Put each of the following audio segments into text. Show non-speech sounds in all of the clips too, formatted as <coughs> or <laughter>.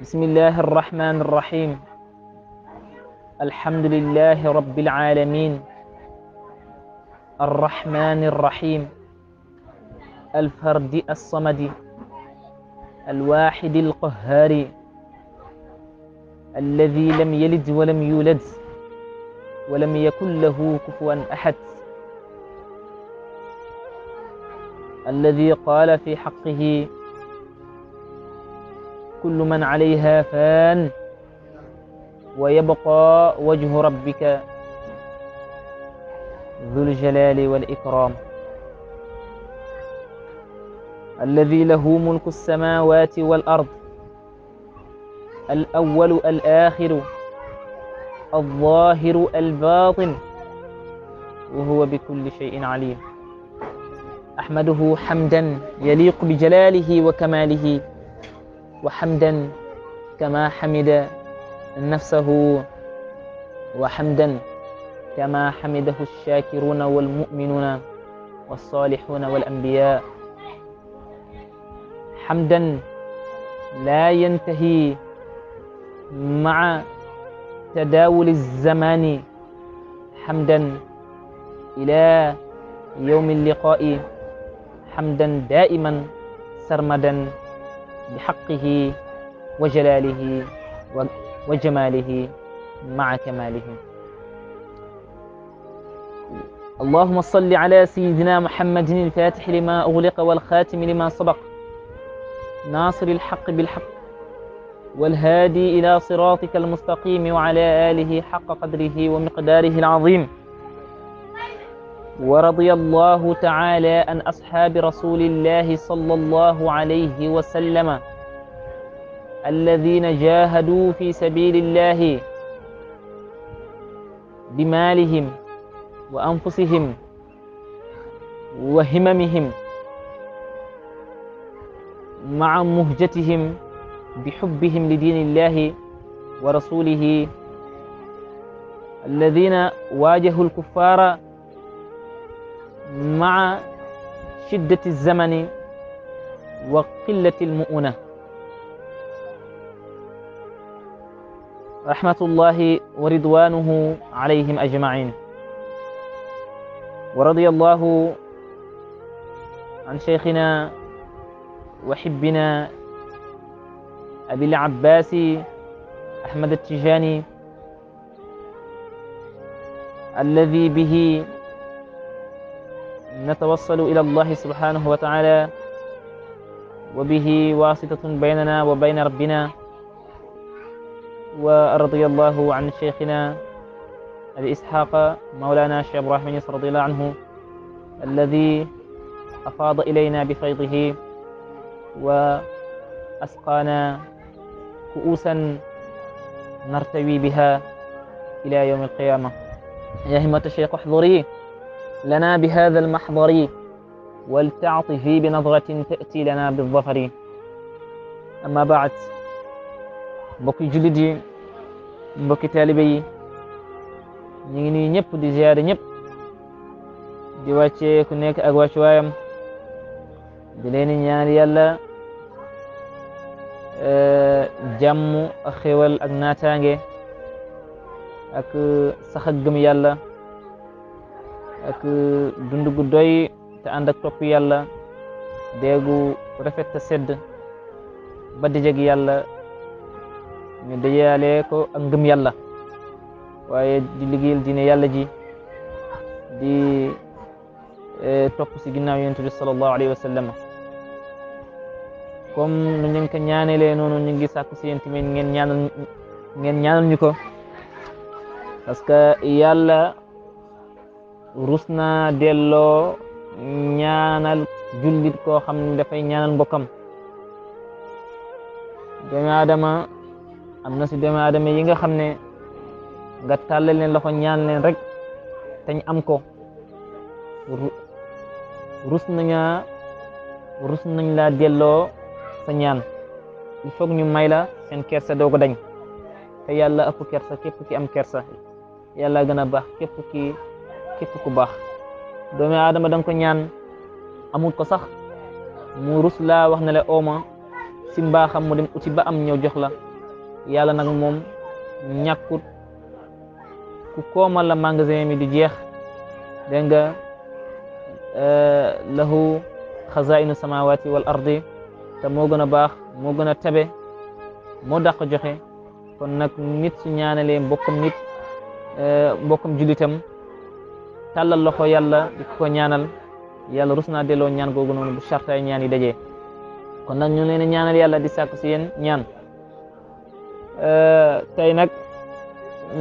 بسم الله الرحمن الرحيم الحمد لله رب العالمين الرحمن الرحيم الفرد الصمد الواحد القهار الذي لم يلد ولم يولد ولم يكن له كفوا أحد الذي قال في حقه kullu man alayha fan wa yabqa wajhu rabbika dhul jalali wal ikram الذي له ملك السماوات والأرض الأول الآخر الظاهر الباطن وهو بكل شيء عليم أحمده حمدا يليق بجلاله وكماله وحمدا كما حمد نفسه وحمدا كما حمده الشاكرون والمؤمنون والصالحون والأنبياء حمدا لا ينتهي مع تداول الزمان حمدا إلى يوم اللقاء حمدا دائما سرمدا بحقه وجلاله وجماله مع كماله اللهم صل على سيدنا محمد الفاتح لما أغلق والخاتم لما سبق ناصر الحق بالحق والهادي إلى صراطك المستقيم وعلى آله حق قدره ومقداره العظيم ورضي الله تعالى عن أصحاب رسول الله صلى الله عليه وسلم الذين جاهدوا في سبيل الله بمالهم وأنفسهم وهممهم مع مهجتهم بحبهم لدين الله ورسوله الذين واجهوا الكفار مع شدة الزمن وقلة المؤونة رحمة الله ورضوانه عليهم أجمعين ورضي الله عن شيخنا وحبنا أبي العباس أحمد التجاني الذي به نتوصل إلى الله سبحانه وتعالى وبه واسطة بيننا وبين ربنا ورضي الله عن شيخنا أبي إسحاق مولانا الشيخ إبراهيم يسر رضي الله عنه الذي أفاض إلينا بفيضه وأسقانا كؤوسا نرتوي بها إلى يوم القيامة يا همة الشيخ احضري لنا بهذا المحضر ولتعطفي بنظرة تأتي لنا بالظفر أما بعد mbokki jullit yi mbokki taalibe yi ñu ngi nii ñëpp di ziyaare ñëpp di wàccee ku nekk ak wàccuwaayam di leen ñaan yàlla jàmm ak xéwal ak naataange ak sax ak gëm yàlla ak dund gu doy te ànd ak topp yàlla deegu rafet sedd ba dajeg yàlla ñu dajaale ko ak ngëm yàlla waaye di liggéeyal diine yàlla ji di e, topp si ginnaaw yonent bi sallallahu alayhi wa sallam comme nu ñu ko ñaanelee noonu ñu ngi sàkku si yéen tamit ngeen ñaanal ngeen ñaanal ñu ko rus naa delloo ñaanal jullit koo xam ne dafay ñaanal mbokkam doomi aadama am na si doomi aadama yi nga xam ne nga tàllal leen loxo ñaan leen rek teñ am ko rus naña rus nañ laa delloo sa ñaan il faut ñu may la seen kersa doo ko dañ te yàlla ëpp kersa képp ki am kersa yàlla gën a baax képp képp ku baax doomi aadama da ko ñaan amul ko sax mu rus laa wax ne la ooma oh si mbaaxam mu dem uti ba am ñëw jox la yàlla nag moom ñàkkut ku koomal la magasin mi di jeex dégg nga eh, lahu xazainu samawati wal ardi te moo gën a baax moo gën a tabe moo dàq joxe kon nag nit su ñaanalee mbokkam nit eh, mbokkam julitam tàllal loxo yàlla di ko ñaanal yàlla rus naa delloo ñaan googu noonu bu charte ay ñaan yi dajee kon nag ñu leen ñaanal yàlla di sàkku si yen ñaan euh, tey nag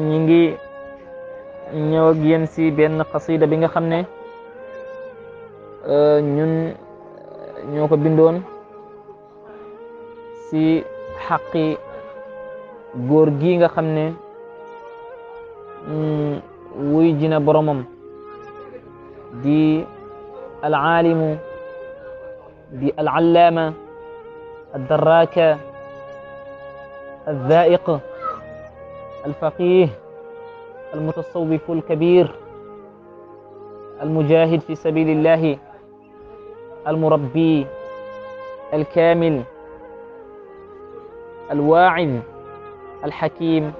ñi ngi ñëw ak si benn xasida bi nga xam ne euh, ñun ñoo ko bindoon si xaqi góor gi nga xam ne mm, wuy jina boromam di alcaalimu di alcallaama addaraaka aldaaiq alfaqih almutasawifu alkabir almujahid fi sabili illahi almurabbi alkaamil alwaaciz alxakim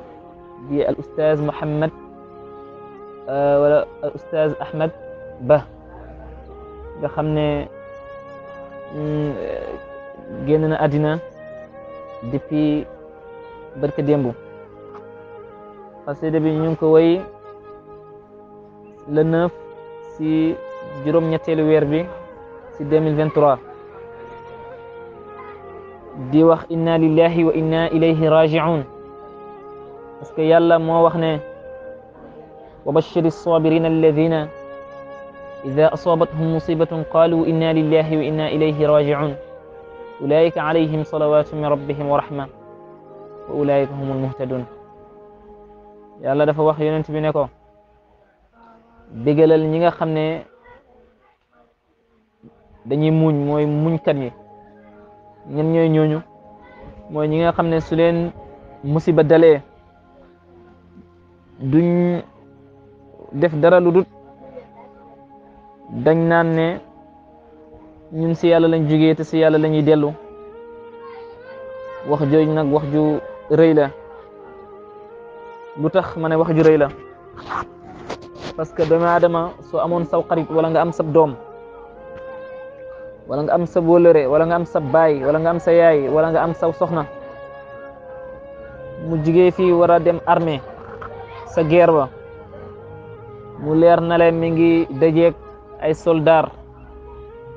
di alustaz Muhammad uh, wala alustaz uh, Ahmad ba nga xam ne mm, génn na àddina depuis barka démb xasida bi ñu ngi ko woy le neuf si juróom-ñetteelu weer bi si 2023 di wax inna lillahi wa inna ilayhi raji'un parce que yàlla moo wax ne wa bashiri sabirina alladina ida asaabathum musibatun qaalu inna lillahi wa inna ilayhi raaji'un ulaa'ika alayhim salawaatu min rabbihim wa rahma wa ulaa'ika humul muhtadun yàlla dafa wax yonent bi ne ko bégalal ñi nga xam ne dañuy muñ mooy muñkat ñi ñen ñooy ñooñu mooy ñi nga xam ne su leen musiba dalee duñ def dara lu dut dañ naan ne ñun si yàlla lañ jógee te si yàlla la dellu wax jooju nag wax ju rëy la lu tax ma ne wax ju rëy la parce que doomu aadama soo amoon saw xarit wala nga am sab doom wala nga am sa wóllëre wala nga am sa baay wala nga am sa yaay wala nga am saw soxna mu jigee fi war a dem armée sa guerre mu leer na leen mi ngi dajeeg ay soldar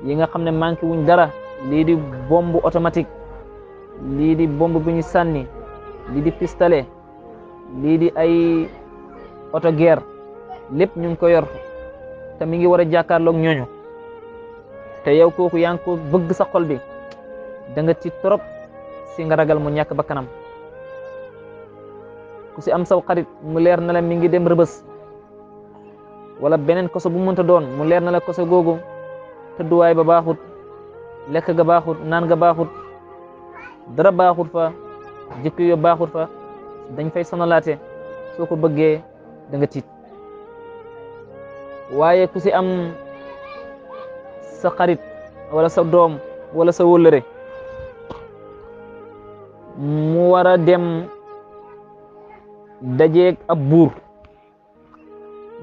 yi nga xam ne manqué wuñ dara lii di bombe automatique lii di bombe bu ñu sànni lii di pistolet lii di ay auto guerre lépp ñu ngi ko yor te mi ngi war a jàkkaarloog ñooñu te yow kooku yaa ngi ko bëgg sa xol bi da nga ci trop si nga ragal mu ñàkk ba kanam ku si am saw mu leer na la mi ngi dem rëbës wala beneen koso bu mënta doon mu leer na la koso googu tëdduwaay ba baaxut lekk ga baaxut naan ga baaxut dara baaxut fa jikko yo baaxut fa dañ fay laate soo ko bëggee da nga tiit waaye ku si am sa xarit walla sa doom walla sa wóllëre mu war a dem dajeeg ab buur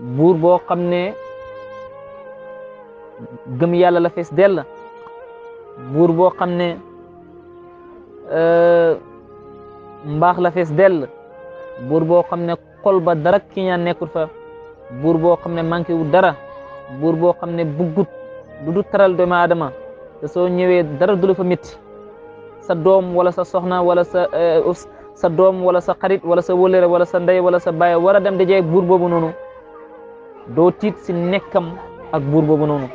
buur boo xam ne gëm yàlla la fees dell buur boo xam ne euh, mbaax la fees dell buur boo xam ne xol ba dara ki ñaan nekkul fa buur boo xam ne manqué wu dara buur boo xam ne buggut lu du taral doomu aadama soo ñëwee dara du la fa métti sa doom wala sa soxna wala sa euh, sa doom wala sa xarit wala sa wëlëre wala sa ndey wala sa baay war a dem dajee buur boobu noonu doo tiit si nekkam ak buur boobu noonu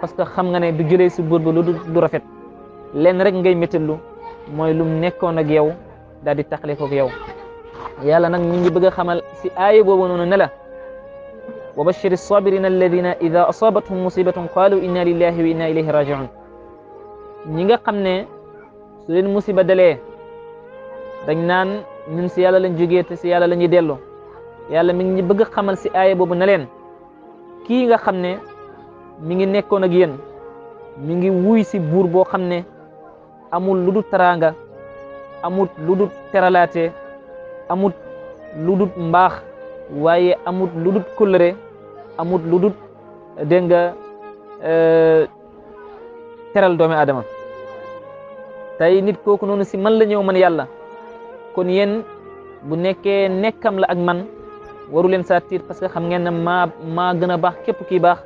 parce que xam nga ne du julee si buur ba lu du rafet lenn rek ngay méttilu mooy lum nekkoon ak yow daal di taxale ko ak yow yàlla nag mu ngi bëgg a xamal si aaya boobu noonu ne la wa bashiri sabirina alladina ida asabathum musibatun qalu inna lillahi wa inna ilayhi rajiun ñi nga xam ne su leen musiba dalee dañ naan ñun si yàlla lañ jógee te si yàlla la ñuy dellu yàlla mi ngi bëgg a xamal si aaya boobu na leen kii nga xam ne mi ngi nekkoon ak yéen mi ngi wuy si buur boo xam ne amul lu dul taraanga amul lu dul teralaate amut lu dul mbaax waaye amut lu dul kóllëre amul lu dut dégg nga euh, teral doomi aadama tey nit kooku noonu si man la ñëw man yàlla kon yéen bu nekkee nekkam la ak man waru leen saa tiit parce que xam ngeen ne maa maa gën a baax képp kii baax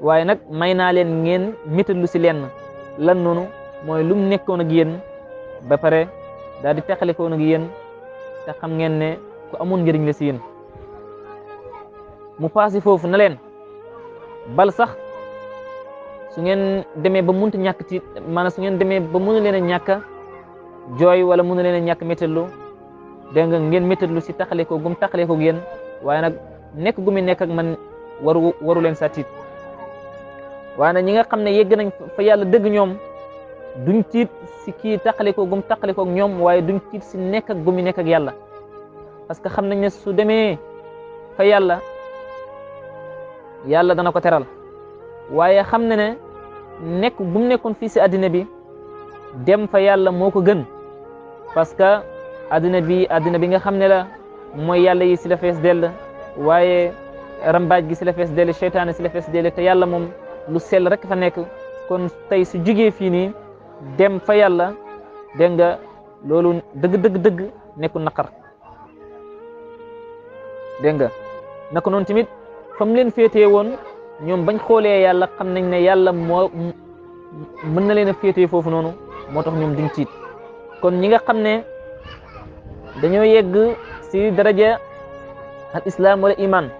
waaye nag may naa leen ngeen métitlu si leen lan noonu mooy lum mu nekkoon ak yéen ba pare daal di teqalikoon ak yéen te xam ngeen ne ku amoon njëriñ la si yéen mu paasi foofu na leen bal sax su ngeen demee ba muntu ñàkk tiit maanaam su ngeen demee ba mënu leen ñàkk jooy wala mënu leen a ñàkk métitlu dégg nga ngeen métitlu si taxalikoo gum taxalikoo ak yéen waaye nag nekk gu muy nekk ak man war waru leen saa tiit waaye nag ñi nga xam ne yegg nañ fa yàlla dëgg ñoom duñ tiit si kii taqalikoo gum taqalikoo ak ñoom waaye duñ tiit si nekk ak gu muy nekk ak yàlla parce que xam nañ ne su demee fa yàlla yàlla dana ko teral waaye xam na ne nekk gum nekkoon fii si addina bi dem fa yàlla moo ko gën parce que addina bi addina bi nga xam ne la mooy yàlla yi si la fees dell waaye rambaaj gi si la fees dell seytaane si la fees dell te yàlla moom lu sell rek fa nekk kon tey si jugee fii nii dem fa yàlla dégg nga loolu dëgg dëgg dëgg nekkul naqar dégg nga naka noonu tamit fa mu leen féetee woon ñoom bañ xoolee yàlla xam nañ ne yàlla moo mën na leen a féetee foofu noonu moo tax ñoom duñ tiit kon ñi nga xam ne dañoo yegg si daraja al islam wala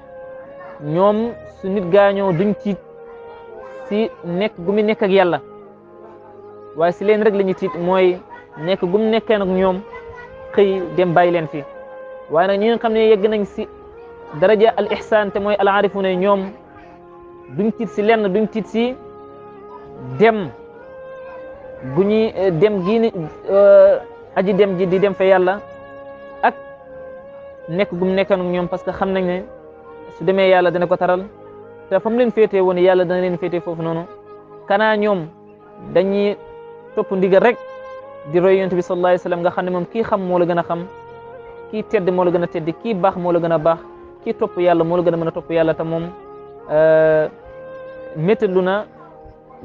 ñoom su nit gaañoo duñ tiit si nekk gu mu nekk ak yàlla waaye si leen rek la ñu tiit mooy nekk gu mu nag ñoom xëy dem bay leen fi waaye nag ñi nga xam ne yegg nañ si daraja al te mooy al ñoom duñ tiit si lenn duñ tiit si dem gu ñuy dem gii euh, aji dem ji di dem fa yàlla nekk gum nekkan ak ñoom parce que xam nañ ne su demee yàlla dana ko taral te fa mu leen féetee woon yàlla dana leen féetee foofu noonu kanaa ñoom dañuy topp ndigal rek di roy yonent bi sallallahu alayhi wasallam nga xam ne moom kii xam moo la gën a xam kii tedd moo la gën a tedd kii baax moo la gën a baax ki topp yàlla moo la mën a topp yàlla te moom euh, méttalu na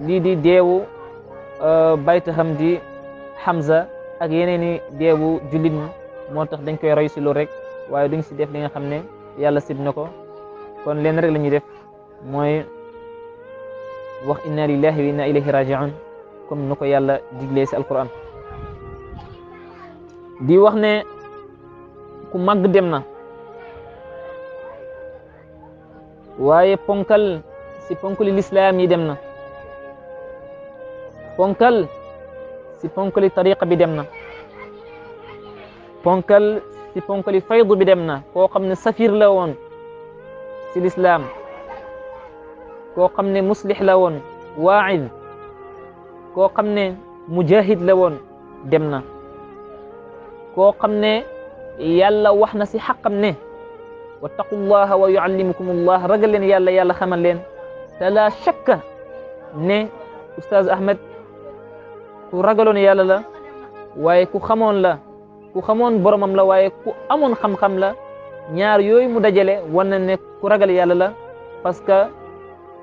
lii di deewu euh, baytaxam di Hamza ak yeneen i deewu jullit ñi moo tax dañ koy roy si loolu rek waaye duñ si def li nga xam ne yàlla sib na ko kon leen rek la ñuy def mooy wax inna lillahi wa inna ilayhi rajiun comme nu ko yàlla diglee si alquran di wax ne ku màgg dem na waaye ponkal si ponkali lislaam yi dem na ponkal si ponkali tariqa bi dem na ponkal ci ponkali faydu bi dem na koo xam ne safir la woon ci lislaam koo xam ne muslix la woon waa'id koo xam ne mujahid la woon dem na koo xam ne yàlla wax na si xaqam ne wattaqullaha wa yuallimukumullah ragal leen yàlla yàlla xamal leen te la shakka ne Oustaz Ahmed ku ragaloon yàlla la waaye ku xamoon la ku xamoon boromam la waaye ku amoon xam la ñaar yooyu mu dajale wan na ne ku ragal yàlla la parce que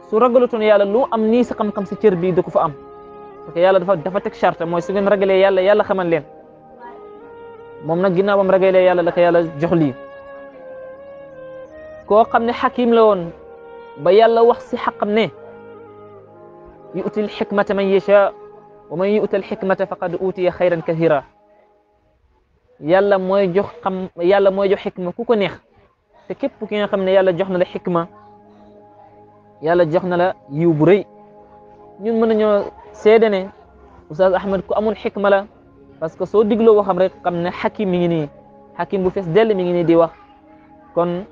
su ragalutoon yàlla lu am nii sa xam si cër bii du ko fa am yàlla dafa dafa teg charte mooy su ngeen ragalee yàlla yàlla xamal leen moom nag ginnaaw bam ragalee yàlla la ko yàlla jox lii koo xam ne xakim la woon ba yàlla wax si xaqam ne yu'ti al xikmata man yasha wa man yu'ta al xikmata faqad utiya xayran kathira yàlla mooy jox xam yàlla mooy jox xikma ku ko neex te képp ki nga xam ne yàlla jox na la xikma yàlla jox na la yiw bu rëy ñun mën nañoo seede ne Oustaz Ahmed ku amul xikma la parce que soo digloo waxam rek xam ne xakim mi ngi nii xakim bu fees dell mi ngi nii di wax kon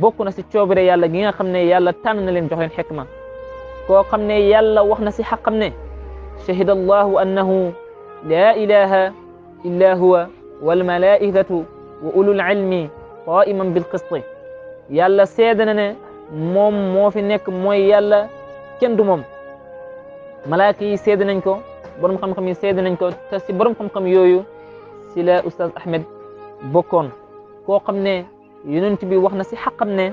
bokk na si coobare yàlla gi nga xam ne yàlla tànn na leen jox leen xikma koo xam ne yàlla wax na si xaqam ne shahida allahu annahu laa ilaha illa huwa walmalaikatu wa ulul ilmi qaiman bil qisti yàlla seede na ne moom moo fi nekk mooy yàlla kenn du moom malaaka yi seede nañ ko borom xam-xam yi seede nañ ko te si borom xam-xam yooyu si la oustaz Ahmed bokkoon koo xam ne yonent bi wax na si xaqam ne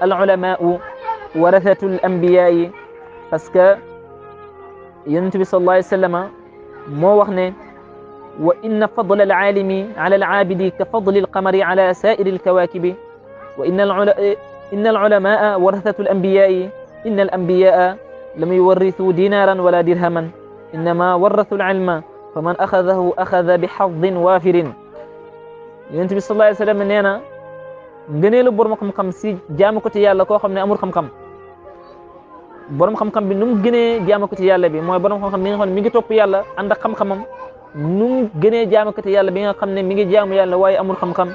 al ulamaau warasatul anbiyaayi parce que yonent bi sallallahu alayhi wa sallam moo wax ne wa inna fadla alaalimi ala alaabidi ka fadli alqamari ala saa'iri alkawaakibi wa inna alulamaa warasatu alambiyaai inna alambiyaa lam yuwarrisu dinaaran wala dirhaman innama warasu alilma fa man axadahu axada bi xadin waafirin yonent bi sallallahu alayhi wa sallam nee na ngëneelu borom xam-xam si jaamu ko ci yàlla koo xam ne amul xam-xam borom xam-xam bi nu mu gënee jaamu ko ci yàlla bi mooy borom xam-xam bi nga xam ne mi ngi topp yàlla ànd ak xam-xamam nu mu gënee jaamukati yàlla bi nga xam ne mi ngi jaamu yàlla waaye amul xam-xam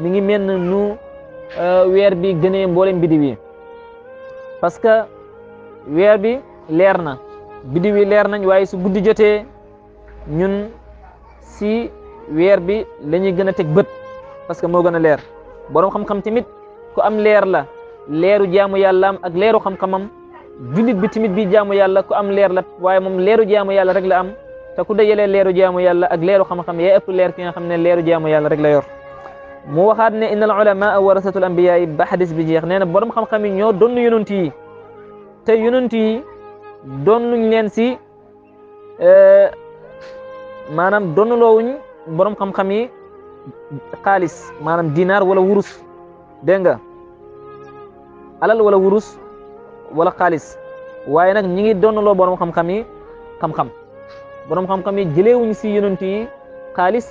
mi ngi mel ne nu euh, weer bi gënee mboolem biddiw yi parce que weer bi leer na biddiw yi leer nañ waaye su guddi jotee ñun si weer bi la ñuy gën a teg bët parce que moo gën a leer borom xam-xam tamit ku am leer la leeru jaamu am ak leeru xam-xamam jullit bi tamit bi jaamu yàlla ko am leer la waaye moom leeru jaamu yàlla rek la am. te ku dajalee leeru jaamu yàlla ak leeru xam-xam yaa leer ki nga xam ne leeru jaamu yàlla rek la yor mu waxaat ne innal ulamaa warasatul anbiyaa yi ba xadis bi jeex nee na borom xam-xam yi ñoo doon yonent yi te yonent yi doon luñ leen si eh, maanaam donnuloowuñ borom xam-xam yi xaalis maanaam dinaar wala wurus dégg nga alal wala wurus wala xaalis waaye nag ñi ngi donnaloo borom xam-xam yi xam-xam borom xam-xam yi jëleewuñ si yonent yi kaalis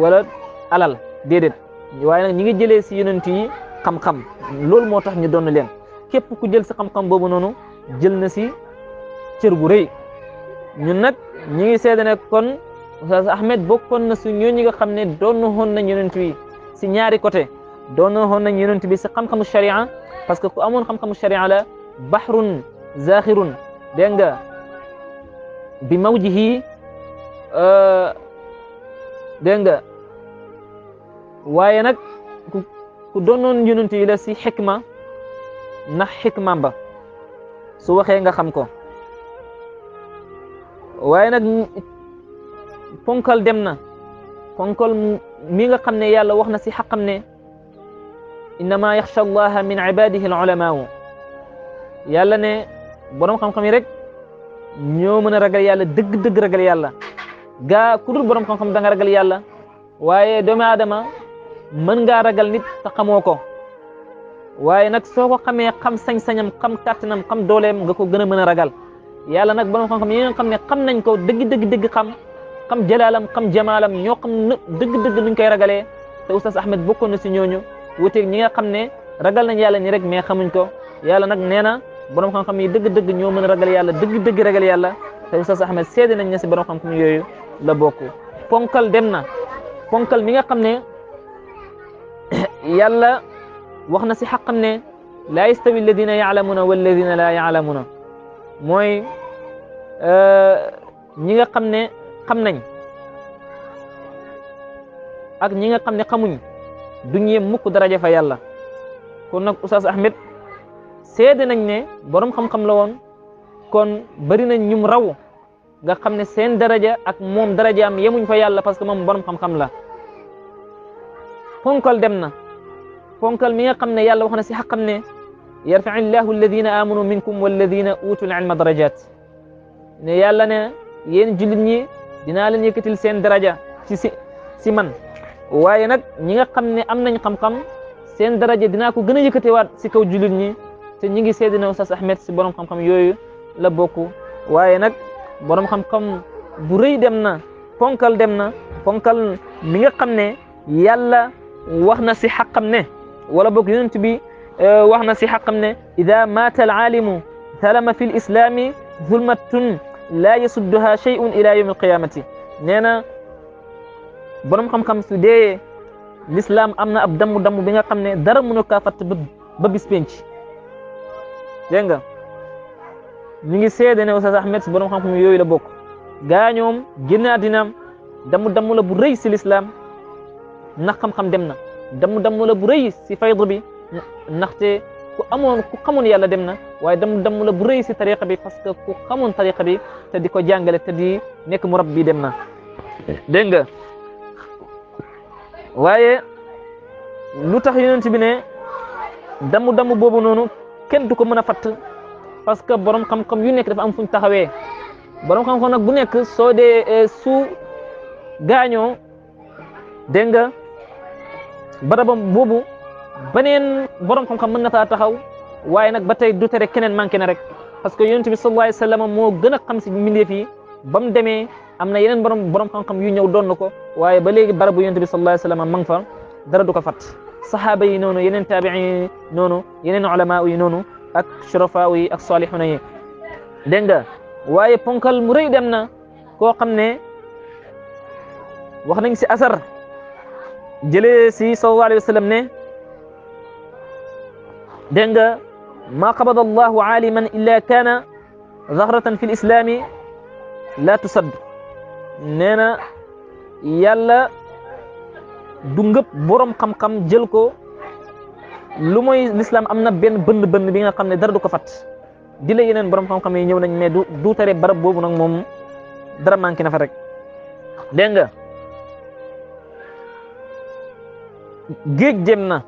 wala alal déedéet waaye nag ñi ngi jëlee si yonent yi xam-xam loolu moo tax ñu doon leen képp ku jël si xam-xam boobu noonu jël na si cër gu rëy ñun nag ñi ngi seede ne kon Oustaz Ahmed bokkoon na si ñooñu nga xam ne doon xoon nañ yonent yi si ñaari côté doon xoon nañ yonent bi si xam-xamu sharia parce que ku amoon xam-xamu sharia la baxrun zaxirun dégg nga bi mawjihi euh, dégg nga waaye nag ku doonoon yonent yi la si xikma ndax xikma ba su waxee nga xam ko waaye nag ponkal dem na ponkal mi nga xam ne yàlla wax na si xaqam ne innama yaxsha allaha min ibadihi al ulamaawu yàlla ne borom xam-xam yi rek ñoo mën a ragal yàlla dëgg-dëgg ragal yàlla gaa ku borom xam-xam da nga ragal yàlla waaye doomu aadama mën ngaa ragal nit te xamoo ko waaye nag soo ko xamee xam sañ-sañam xam kàttanam xam dooleem nga ko gën a mën a ragal yàlla nag borom xam-xam yi nga xam ne xam nañ ko dëgg-dëgg dëgg xam xam jalaalam xam jamaalam ñoo xam dëgg-dëgg nuñ koy ragalee te oustaz Ahmed bokkoon na si ñooñu wuteeg ñi nga xam ne ragal nañ yàlla ni rek mais xamuñ ko yàlla nag nee borom xam-xam yi dëgg-dëgg ñoo mën a ragal yàlla dëgg-dëgg ragal yàlla te Oustaz Ahmed seede nañ ne si borom xam-xam yooyu la bokk ponkal dem na ponkal mi nga xam ne <coughs> yàlla wax na si xaqam ne laa yastawi alladina yaalamuna walladina laa yaalamuna mooy euh, ñi nga xam ne xam nañ ak ñi nga xam ne xamuñ duñ yem mukk daraja fa yàlla kon nag Oustaz Ahmed seede nañ ne borom xam-xam la woon kon bari nañ ñum raw nga xam ne seen daraja ak moom daraja am yemuñ fa yàlla parce que moom borom xam la ponkal dem na ponkal mi nga xam ne yàlla wax na si xaqam ne yarfaci llahu alladina amanu minkum walladina utul ilma darajat ne yàlla ne yéen jullit ñi dinaa leen yëkkatil seen daraja ci si si man waaye nag ñi nga xam ne am nañ xam seen daraja dinaa ko gën a yëkkatiwaat si kaw jullit ñi te ñi ngi seede na Oustaz Ahmed si borom xam-xam yooyu la bokk waaye nag borom xam-xam bu dem na ponkal dem na ponkal mi nga xam ne yàlla wax na si xaqam ne wala bokk yonent bi e, wax na si xaqam ne ida maata alaalimu talama fi lislaami zulmatun laa yasudduha shay'un ila yawmi alqiyamati nee na borom xam-xam su dee l'islam am na ab damm-damm bi nga xam ne dara mënu kaa fatt ba bis dégg nga ñu ngi seede ne Oustaz Ahmed si borom xam-xam yooyu la bokk gaa ñoom génn àddinaam damu damu la bu rëy si lislaam ndax xam-xam dem na damu damu la bu rëy si faydu bi ndaxte ku amoon ku xamoon yàlla dem na waaye damu damu la bu rëy si tariqa bi parce que ku xamoon tariqa bi te di ko jàngale te di nekk mu rab bi dem na dégg nga waaye lu tax yonent bi ne damu damu boobu noonu kenn du ko mën a fatt parce que borom xam-xam yu nekk dafa am fu ñu taxawee borom xam-xam nag bu nekk soo dee euh, su gaañoo dégg nga barabam boobu beneen borom xam-xam mën na faa taxaw waaye nag ba tey du tere kenen manqué na rek parce que yonent bi sallallahu alayhi wa sallam moo gën a xam si mbindeef yi ba mu demee am na yeneen borom borom xam-xam yu ñëw doon na ko waaye ba léegi barabu yonent bi sallallahu alayhi wa sallam ma fa dara du ko saxaaba yi noonu yeneen taabiin yi noonu yeneen ulama yi noonu ak shurafa yi ak salihuna yi dégg nga waaye ponkal mu rëy dem na koo xam ne wax nañ si asar jëlee si sallallahu alayhi wa sallam ne dégg nga maa qabada allahu aaliman illa kaana zahratan fi l islaami laa tusadd nee na yàlla du ngëpp borom xam-xam jël ko lu mooy lislaam am na benn bënn bënn bi nga xam ne dara du ko fat di la yeneen borom xam-xam yi ñëw nañ mais du du tere barab boobu nag moom dara manqué na fa rek dégg nga géej na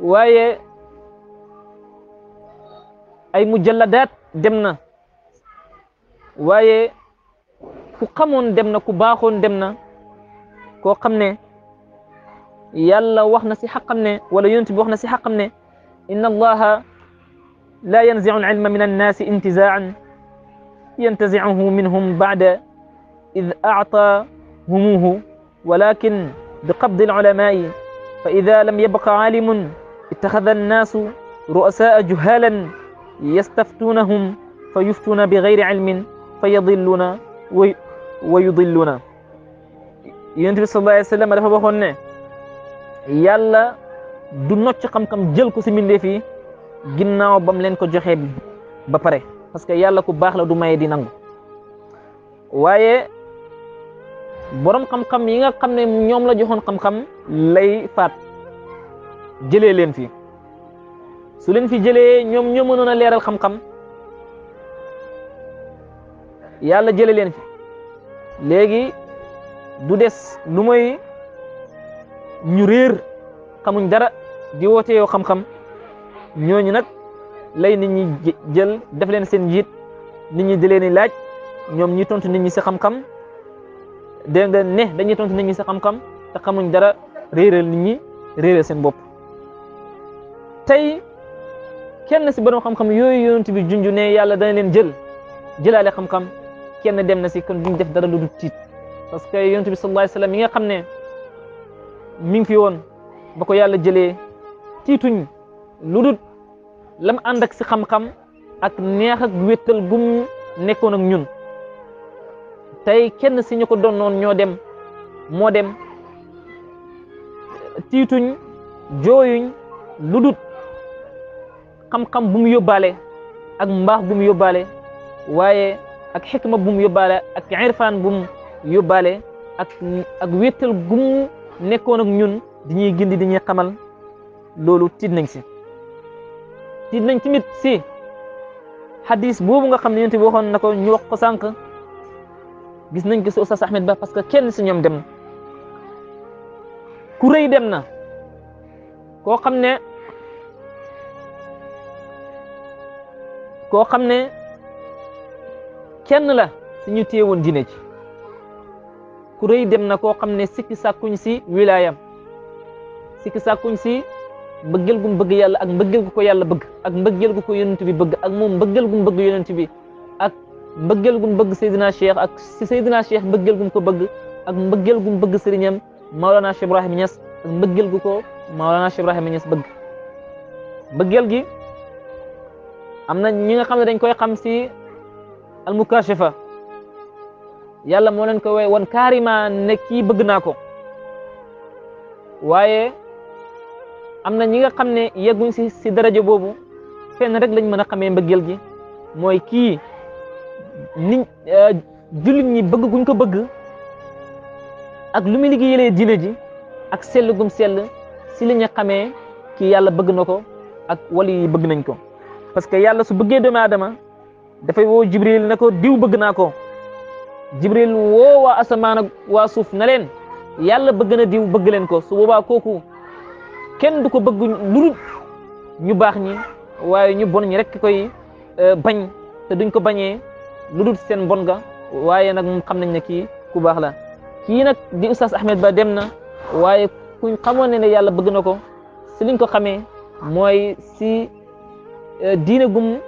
waaye ay mujalladaat dem na waaye ku xamoon dem na ku baaxoon dem na koo xam ne yàlla wax na si xaqam ne wala yonent bi wax na si xaqam ne inna allaha laa yanzicu alcilma min annaasi intizaacan yantazicuhu minhum bacda id actaa humuhu walakin biqabdi alculamaai fa ida lam yabqa caalimun ittaxada annaasu ru'asaa juhaalan yastaftuunahum fa yuftuuna bigayri cilmin fa yadilluuna wa yudilluuna yonent bi sallallahu alayhi wa sallam dafa waxoon ne du nocc xam-xam jël ko si mbindeef yi ginnaaw bam leen ko joxee ba pare parce que yàlla ku baax la du maye di nangu waaye borom xam-xam yi nga xam ne ñoom la joxoon xam-xam lay faat jëlee leen fi su leen fi jëlee ñoom ñoo mënoon a leeral xam-xam yàlla jële leen fi léegi du des lu mooy ñu réer xamuñ dara di wote yoo xam-xam ñooñu nag lay nit ñi jël def leen seen njiit nit ñi di laaj ñoom ñi tontu nit ñi si xam-xam dégg nga ne dañuy tontu nit ñi si xam-xam te xamuñ dara réeral nit ñi réeral seen bopp tey kenn si borom xam-xam yooyu yonent bi junju ne yàlla dana leen jël jëlaale xam-xam kenn dem na si kon duñ def dara lu dul parce que yonent bi sallallahu alayhi mi nga xam ne mi ngi fi woon ba ko yàlla jëlee tiituñ lu dul lam ànd ak si xam-xam ak neex ak wéttal gum nekkoon ak ñun tey kenn si ñu ko donnoon ñoo dem moo dem tiituñ jooyuñ lu dul xam-xam bu mu yóbbaale ak mbaax bu mu yóbbaale waaye ak xikma bu mu yóbbaale ak irfaan bu yóbbaale ak ak wéttal gum nekkoon ak ñun diñuy gindi diñuy xamal loolu tiit nañ si tiit nañ tamit si xadis boobu nga xam ne yonent bi waxoon na ko ñu wax ko sànq gis nañ ko si Oustaz Ahmed Ba parce que kenn si ñoom dem na ku dem na koo xam ne koo xam ne kenn la si ñu téyewoon diine ci ku dem na koo xam ne sikki sàkkuñ si wilaayam sikki sàkkuñ si mbëggeel gum bëgg yàlla ak mbëggeel gu ko yàlla bëgg ak mbëggeel gu ko yonent bi bëgg ak moom mbëggeel gum bëgg yonent bi ak mbëggeel gum bëgg Seydina Cheikh ak Seydina Cheikh mbëggeel gum ko bëgg ak mbëggeel gum bëgg sëriñam Maolana Cheikh Ibrahim Niass ak mbëggeel gu ko Maolana Cheikh Ibrahim Niass bëgg mbëggeel gi am na ñi nga xam ne dañ koy xam si almukashifa yàlla moo leen ko wooye woon carrément ne kii bëgg naa ko waaye am na ñi nga xam ne yegguñ si si daraja boobu fenn rek lañ mën a xamee mbëggeel gi mooy kii niñ euh, jullit ñi bëgg guñ ko bëgg ak lu mu liggéeyalee diine ji ak sell gum sell si li ñu xamee ki yàlla bëgg na ko ak wali yi bëgg nañ ko parce que yàlla su bëggee doomu aadama dafay woo jibril ne ko diw bëgg naa ko jibril woo waa asamaan ak waa suuf na leen yàlla bëgg na diw bëgg leen ko su boobaa kooku kenn du ko bëgg ludul ñu baax ñi waaye ñu bon ñi rek koy euh, bañ te duñ ko bañee ludul seen bon ga waaye nag moom xam nañ ne kii ku baax la kii nag di Oustaz Ahmed Ba dem na waaye kuñ xamoon ne ne yàlla bëgg na ko si liñ ko xamee mooy si euh, diine gum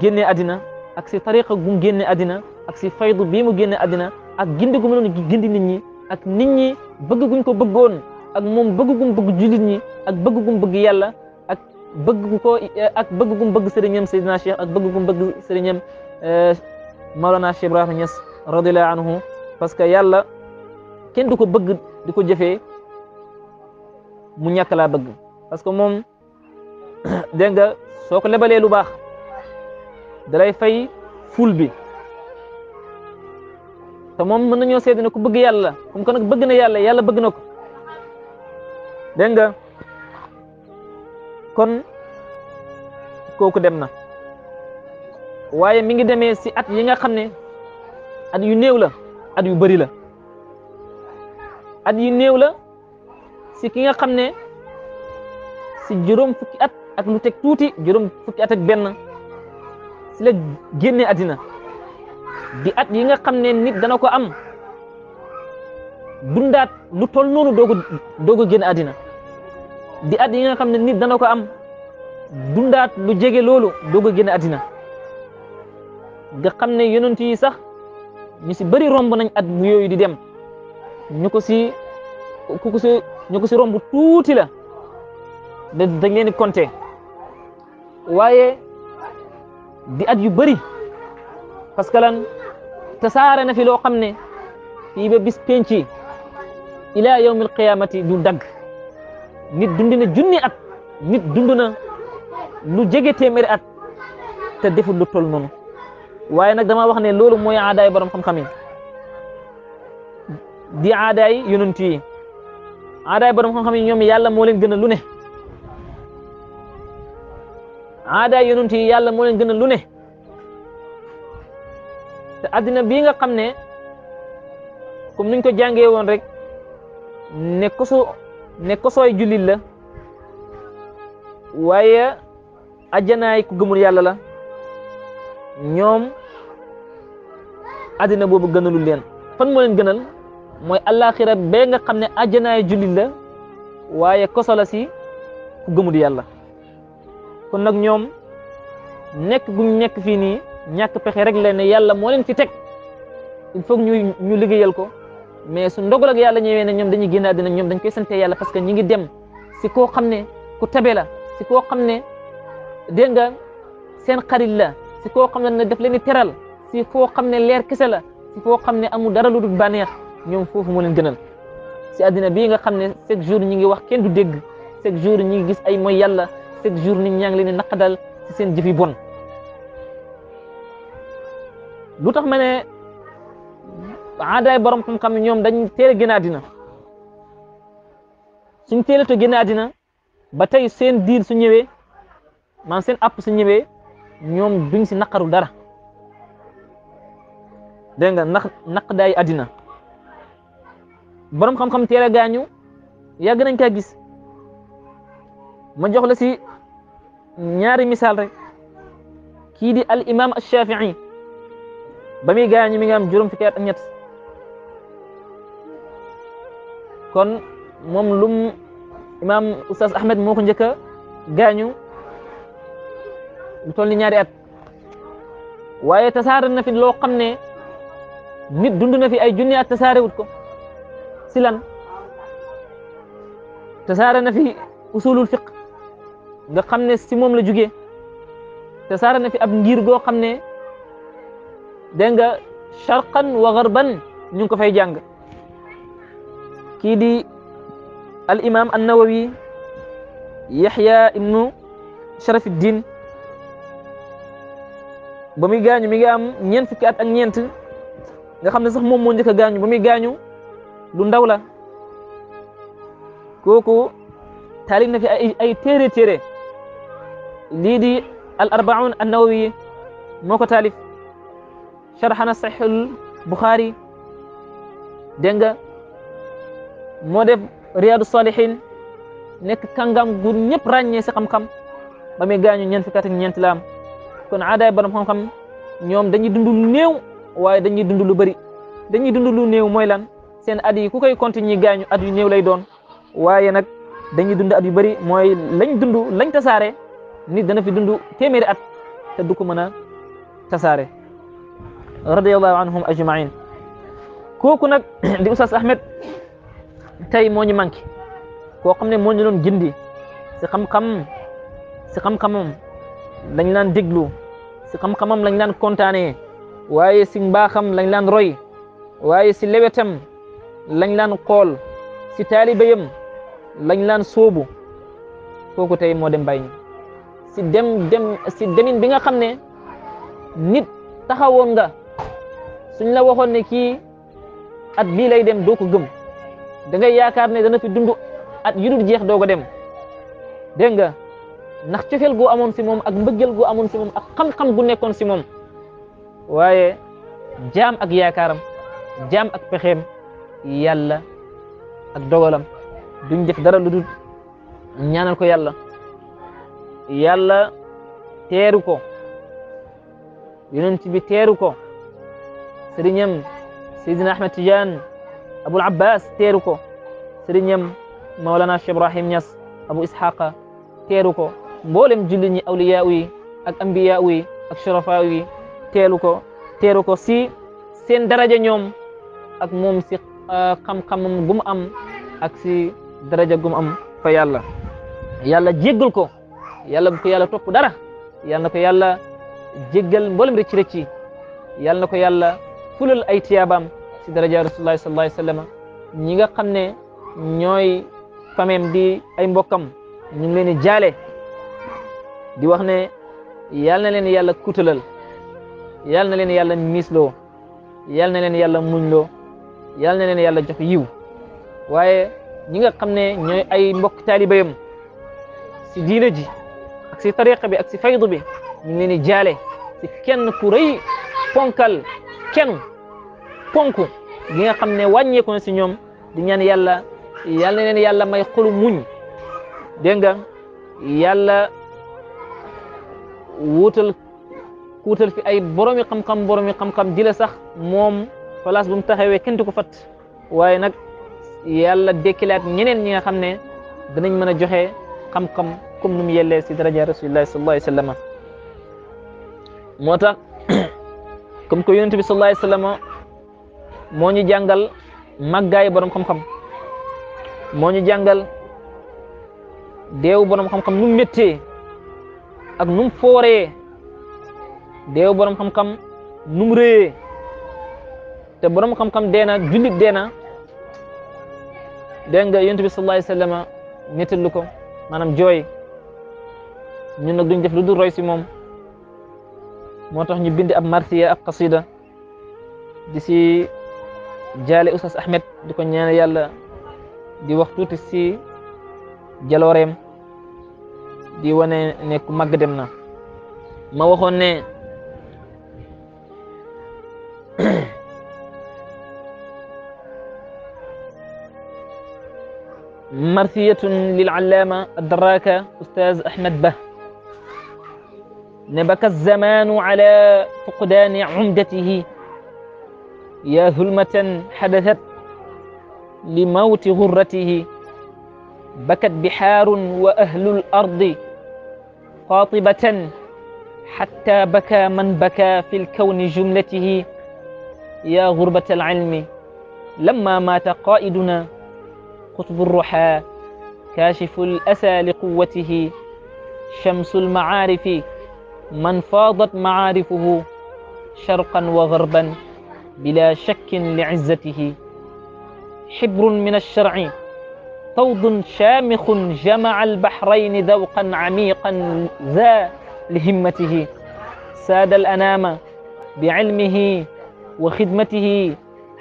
génnee àddina ak si tariqa gum génnee àddina ak si faydu bii mu génne àddina ak gindi gu mu doon gindi nit ñi ak nit ñi bëgg guñ ko bëggoon ak moom bëgg gum bëgg jullit ñi ak bëgg gum bëgg yàlla ak bëgg gu ko ak bëgg gum bëgg sëriñam Seydina ak bëgg gum bëgg sëriñam eh, Maolana Cheikh Ibrahima Niass radiyallahu anhu parce que yàlla kenn du ko bëgg di ko jëfee mu ñàkk laa bëgg parce que moom <coughs> dégg nga soo ko lebalee lu baax dalay fay ful bi te moom mën nañoo seede ne ku bëgg yàlla comme que nag bëgg na yàlla yàlla bëgg na ko dégg nga kon kooku dem na waaye mi ngi demee si at yi nga xam ne at yu néew la at yu bëri la at yu néew la si ki nga xam ne si juróom fukki at ak lu teg tuuti juróom fukki at ak benn si la génnee àddina di at yi nga xam ne nit dana ko am dundaat lu tol noonu doogu doogu génn àddina di at yi nga xam ne nit dana ko am dundaat lu jege loolu doogu génn àddina nga xam ne yonent yi sax ñu si bari romb nañ at mu yooyu di dem ñu ko si ku ko si ñu ko si romb tuuti la da dañ leen di waaye di at yu bari parce tasaare na fi loo xam ne fii ba bis penci ila yawmil qiyaamati du dagg nit dund na junni at nit dund na lu jege téeméeri at te deful lu tol noonu waaye nag dama wax ne loolu mooy aadaay borom xam-xam di aadaay yonent yi aadaay borom xam-xam yi ñoom yàlla moo leen gën lu ne aadaay yonent yi yàlla moo leen gën lu ne te àddina bii nga xam ne comme nuñ ko jàngee woon rek ne koso ne kosooy jullit la waaye ajjanaay ku gëmul yàlla la ñoom àddina boobu gënalul leen pan moo leen gënal mooy àllaaxira bee nga xam ne ajjanaay jullit la waaye koso la si ku gëmul yàlla kon nag ñoom nekk guñ nekk fii nii ñàkk pexe rek la ne yàlla moo leen fi teg il faut ñu ñu liggéeyal ko mais su ndogal ak yàlla ñëwee ne ñoom dañuy génn àddina ñoom dañ koy sante yàlla parce que ñi ngi dem si koo xam ne ku tabe la si koo xam ne dégg nga seen xarit la si koo xam ne daf leen di teral si koo xam ne leer kese la si koo xam ne amul dara lu dul bànneex ñoom foofu moo leen gënal si àddina bii nga xam ne chaque jour ñi ngi wax kenn du dégg chaque jour ñi ngi gis ay mooy yàlla chaque jour nit ñaa ngi leen di naqadal si seen jëf bon lu tax ma ne aadaay borom xam-xam ne ñoom dañ teel a génn àddina suñ teel a génn ba tey seen diir su ñëwee man seen app su ñëwee ñoom duñ si naqaru dara dégg nga naq naq àddina borom xam-xam teel a gaañu yàgg nañ kaa gis ma jox la si ñaari misaal rek kii di al imam al shafii ba muy gaañu mi ngi am juróom fukki at ak ñett kon moom lum imaam oustaz Ahmed moo ko njëkk gaañu lu toll ni ñaari at waaye tasaare na fi loo xam ne nit dund na fi ay junni at tasaare wut ko si lan tasaare na fi usulul fiq nga xam ne si moom la jugee tasaare na fi ab ngir goo xam ne. dégg nga charqan wa garban ñu ngi ko fay jàng kii di al imam annawawi yaxya ibnu sharafiddin ba muy gaañu mi ngi am ñeent fukki at ak ñeent nga xam ne sax moom moo njëkk a gaañu ba muy gaañu lu ndaw la kooku taalif na fi ay ay téere téere lii di al arbaun annawawi moo ko taalif sharhana sahihul Bukhari dégg nga moo def Riyadu Salihin nekk kàngam gu ñëpp ràññee si xam-xam ba muy gaañu ñeent fukki at ak ñeent la am kon aadaay borom xam-xam ñoom dañuy dund lu néew waaye dañuy dund lu bëri dañuy dund lu néew mooy lan seen at yi ku koy continuer gaañu at yu néew lay doon waaye nag dañuy dund at yu bëri mooy lañ dund lañ tasaare nit dana fi dund téeméeri at te du ko mën a tasaare. radiyallahu anhum ajmain kooku nag <clears throat> di tey moo ñu koo xam ne moo doon gindi si xam-xam si laan déglu si xam-xamam lañ laan kontaanee waaye si mbaaxam lañ laan roy waaye si lewetam lañ laan xool si taalibayam lañ laan sóobu kooku tey moo dem bàyyi si dem dem si bi nga xam ne nit taxawoon nga suñ la waxoon ne kii at bii lay dem doo ko gëm dangay ngay ne dana fi dund at yu dul jeex doo ko dem dégg nga ndax cofeel goo amoon si moom ak mbëggeel goo amoon si moom ak xam-xam gu nekkoon si moom waaye jaam ak yaakaaram jaam ak pexeem yàlla ak dogalam duñ def dara lu ñaanal ko yàlla yàlla teeru ko ci bi teeru ko sëriñam Seydina Ahmed Tidiane Abul Abbas teeru ko sëriñam Mawlana Cheikh Ibrahim Niass Abu Ishaqa teeru ko mboolem jullit ñi awliyaa yi ak ambiyaa yi ak shurafa yi teelu ko teeru ko si seen daraja ñoom ak moom si uh, xam-xamam gu mu am ak si daraja gu am fa yàlla yàlla jéggal ko yàlla bu yàlla topp dara yàlla na ko yàlla jéggal mboolem rëcc rëcc yàlla ko yàlla fulal ay tiyaabaam si daraja rasulullahi sallallahu alayhi wa sallam ñi nga xam ne ñooy famem di ay mbokkam ñu ngi leen jaale di wax ne yal na leen yàlla kutalal yal na leen yàlla miisloo yal na leen yàlla muñloo yal na leen yàlla jox yiw waaye ñi nga xam ne ñooy ay mbokk taalibayam si diina ji ak si tariqa bi ak si faydu bi ñu jaale si kenn ku ponkal kenn ponk gi nga xam ne wàññeeku na si ñoom di ñaan yàlla yàlla na leen yàlla may xolu muñ dégg nga yàlla wuutal wuutal fi ay boromi xam-xam boromi xam-xam di la sax moom place bu mu taxawee kenn du ko fat waaye nag yàlla dekkilaat ñeneen ñi nga xam ne danañ mën a joxe xam-xam comme nu mu si daraja rasulillahi sallallahu alayhi wa sallam comme que yonent bi sallallahu alayhi wasallam moo ñu jàngal màggaay borom xam-xam moo ñu jàngal deewu borom xam-xam nu mu méttee ak nu foore fooree deewu borom xam-xam nu mu réyee te borom xam-xam dee na jullit dee na dégg nga yonent bi sallallahu alayhi wasallam nettalu ko maanaam jooy ñun nag duñ def lu si moom. moo tax ñu bind ab marsiya ab qasida di si jaale Oustaz Ahmed di ko ñaan yàlla di wax tuuti si jalooreem di wane ne ku màgg dem na ma waxoon ne <coughs> marsiyatun lil allaama ad-daraaka Oustaz Ahmed Ba ne baka zamaanu ala fuqdaani umdatihi yaa hulmatan xadatat li mawti gurratihi bakat bihaarun wa ahlul ardi xaatibatan xatta baka man baka fi lkawni jumlatihi yaa gurbata alcilmi lamma maata qaa'iduna qutbu ruxa kaashifu alasa liquwatihi shamsu almacaarifi man faadat maarifuhu sharqan wa garban bila shakkin li izzatihi xibrun min alsharci tawdun shaamixun jamaca albaxrayni dawqan camiqan za lihimmatihi saada alanaama bicilmihi wa xidmatihi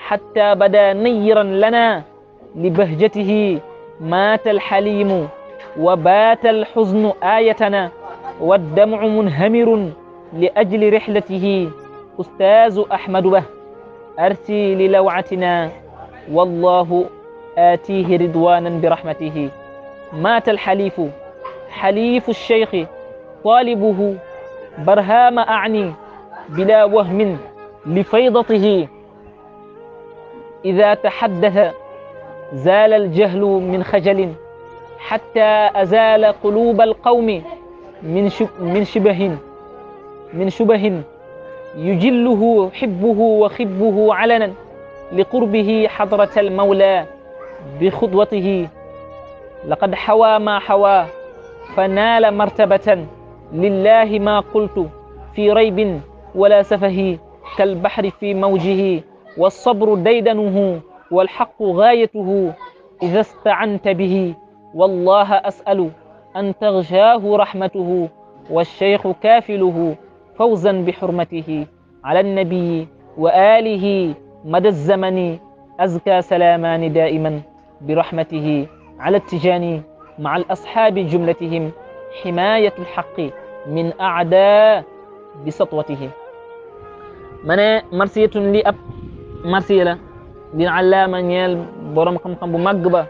xatta bada nayiran lana libahjatihi maata alxaliimu wa baata alxuznu aayatana والدمع منهمر لأجل رحلته أستاذ أحمد به أرسي للوعتنا والله آتيه رضوانا برحمته مات الحليف حليف الشيخ طالبه برهام أعني بلا وهم لفيضته إذا تحدث زال الجهل من خجل حتى أزال قلوب القوم min min shibahin min shubahin yujilluhu xibbuhu wa xibbuhu alanan li qurbihi xadrata almawla bi xudwatihi laqad xawaa maa xawaa fa naala martabatan lillahi maa qultu fi raybin wala safahi kalbaxri fi mawjihi والصبر ديدنه والحق غايته إذا استعنت به والله أسأل an taghshaahu rahmatuhu walcheikhu kaafiluhu fawzan bi xurmatihi ala annabiyi wa alihi mada zamani azka salaamaani daa'iman bi rahmatihi ala tijaani ma'a al-asxaabi jumlatihim ximaayatu lxaqi min acdaa bi satwatihi ma ne marsiyatun li ab marsiya la di allaama ñeel boroom xam-xam bu màgg ba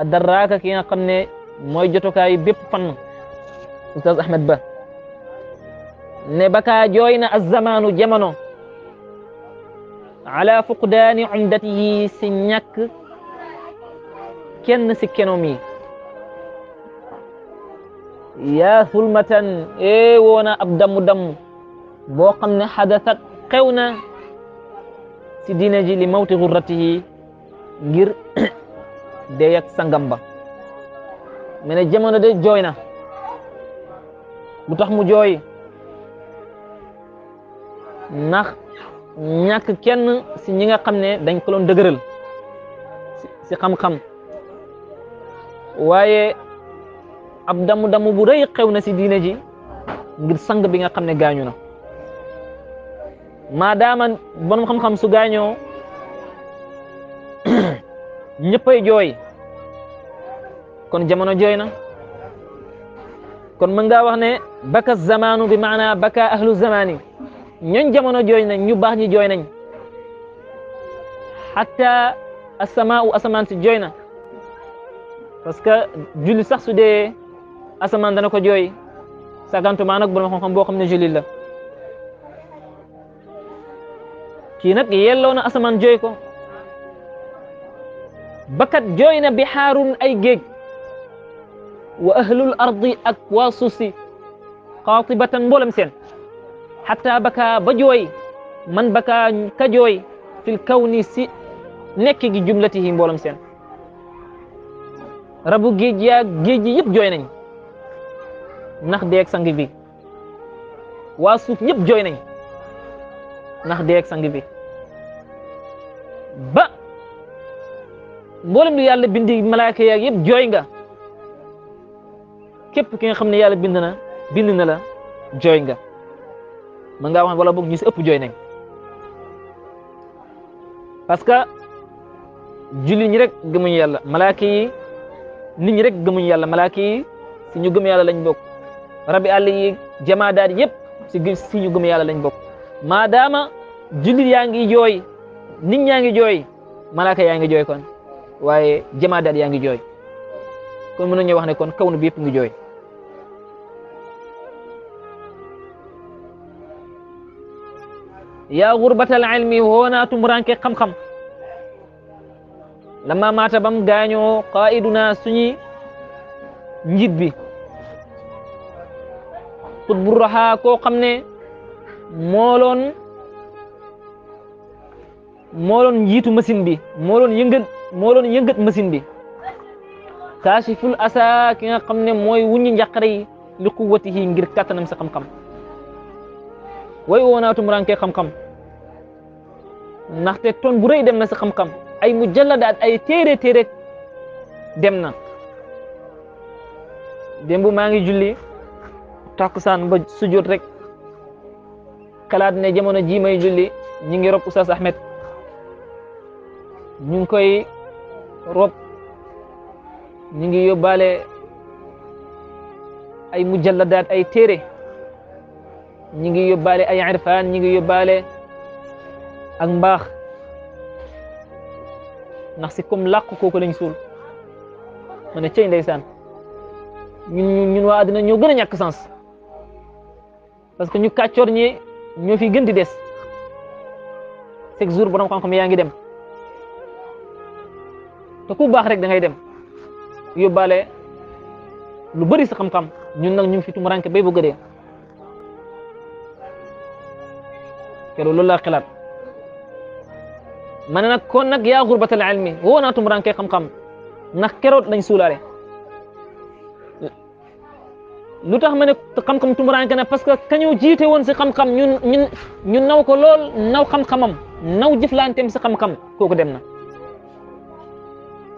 a daraaka ki nga xam ne mooy jotukaayu bépp fann Oustaz Ahmed Ba ne bakaa jooy na azzamaanu jamono ala fuqdaani umdatihi si ñàkk kenn si kenoom yi yaa sulmatan e eh, woona ab dammu-damm boo xam ne xadasat xew na si diina ji li mawti xurratihi ngir <coughs> deyak sangam ba me ne jamono de jooy na lu tax mu jooy ndax ñàkk kenn si ñi nga xam ne dañ ko doon dëgëral si xam-xam waaye ab damu-damu bu rëy xew na si diine ji ngir sang bi nga xam ne gaañu na maadaama borom xam-xam su gaañoo <clears throat> ñëppay jooy kon jamono jooy na kon mën ngaa wax ne baka zamanu bi maana baka ahlu zamani ñooñ jamono jooy nañ ñu bax ñi jooy nañ xatta asamaau asamaan si jooy na parce que julli sax su dee asamaan dana ko jooy sagantumaa nag borom xam boo xam ne julli la kii nag yelloo na asamaan jooy ko bakat jooy na bixaarun ay géej wa ahlul ardi ak waa suuf si xaatibatan mboolam seen xataa baka ba jooy man baka ka jooy fil kawni si nekk gi jumlatihi mboolem seen rabu géej yaag géej yi yëpp jooy nañ ndax deeg sangi bi waa suuf yëpp jooy nañ ndax deeg sangi bi ba mboolem lu yàlla bindi malaaka yaag yëpp jooy nga képp ki nga xam ne yàlla bind na bind na la jooy nga ma nga wax wala boog ñu si ëpp jooy nañ parce que jullit ñi rek gëmuñu yàlla malaaka yi nit ñi rek gëmuñu yàlla malaaka yi si ñu gëm yàlla lañ bokk rabi àll yi jamaa daal yëpp si si ñu gëm yàlla lañ bokk maadaama jullit yaa ngi jooy nit ñaa ngi jooy malaaka yaa ngi jooy kon waaye jamaa daal yaa ngi jooy kon mën nañu wax ne kon kaw nu bi yëpp ngi jooy ya gurbatal ilmi hoona tumuranke xam-xam lama maata bam gaañoo qaiduna suñi njit bi xutbu raxa koo xam ne mooloon mooloon njiitu machine bi mooloon yëngat mooloon yëngat machine bi kaashiful asa ki nga xam ne mooy wuññi njaqare yi li quwwatihi ngir kattanam sa xam-xam way woonaa tumuraanke xam-xam ndaxte ton bu rëy dem na si xam-xam ay mujalladaat ay téere téere dem na démb maa ngi julli takkusaan ba sujjoot rek kalaat ne jamono ji may julli ñu ngi rob Oustaz Ahmed ñu ngi koy rob ñu ngi yóbbaale ay mujalladaat ay téere ñu ngi yóbbaale ay irfaan ñu ngi yóbbaale ak mbaax ndax si comme làq kooku lañ suul ma ne cey ndeysaan ñu ñun waa àddina ñoo gën a ñàkk sens parce que ñu kàccoor ñi ñoo fi gën di des chaque jour borom xam-xam yaa ngi dem te ku baax rek da dem yóbbaale lu bëri sa xam-xam ñun nag ñu ngi fi tumuranke bay bëgg a dee keroog loolu laa xalaat ma ne nag kon nag yaa xurbatal ilmi woo naa tumuraanke xam-xam ndax keroot lañ suulaale lu tax ma ne xam-xam tumuraanke na parce que kañu jiite woon si xam-xam ñun ñun ñu naw ko lool naw xam-xamam naw jëflanteem si xam-xam kooku dem na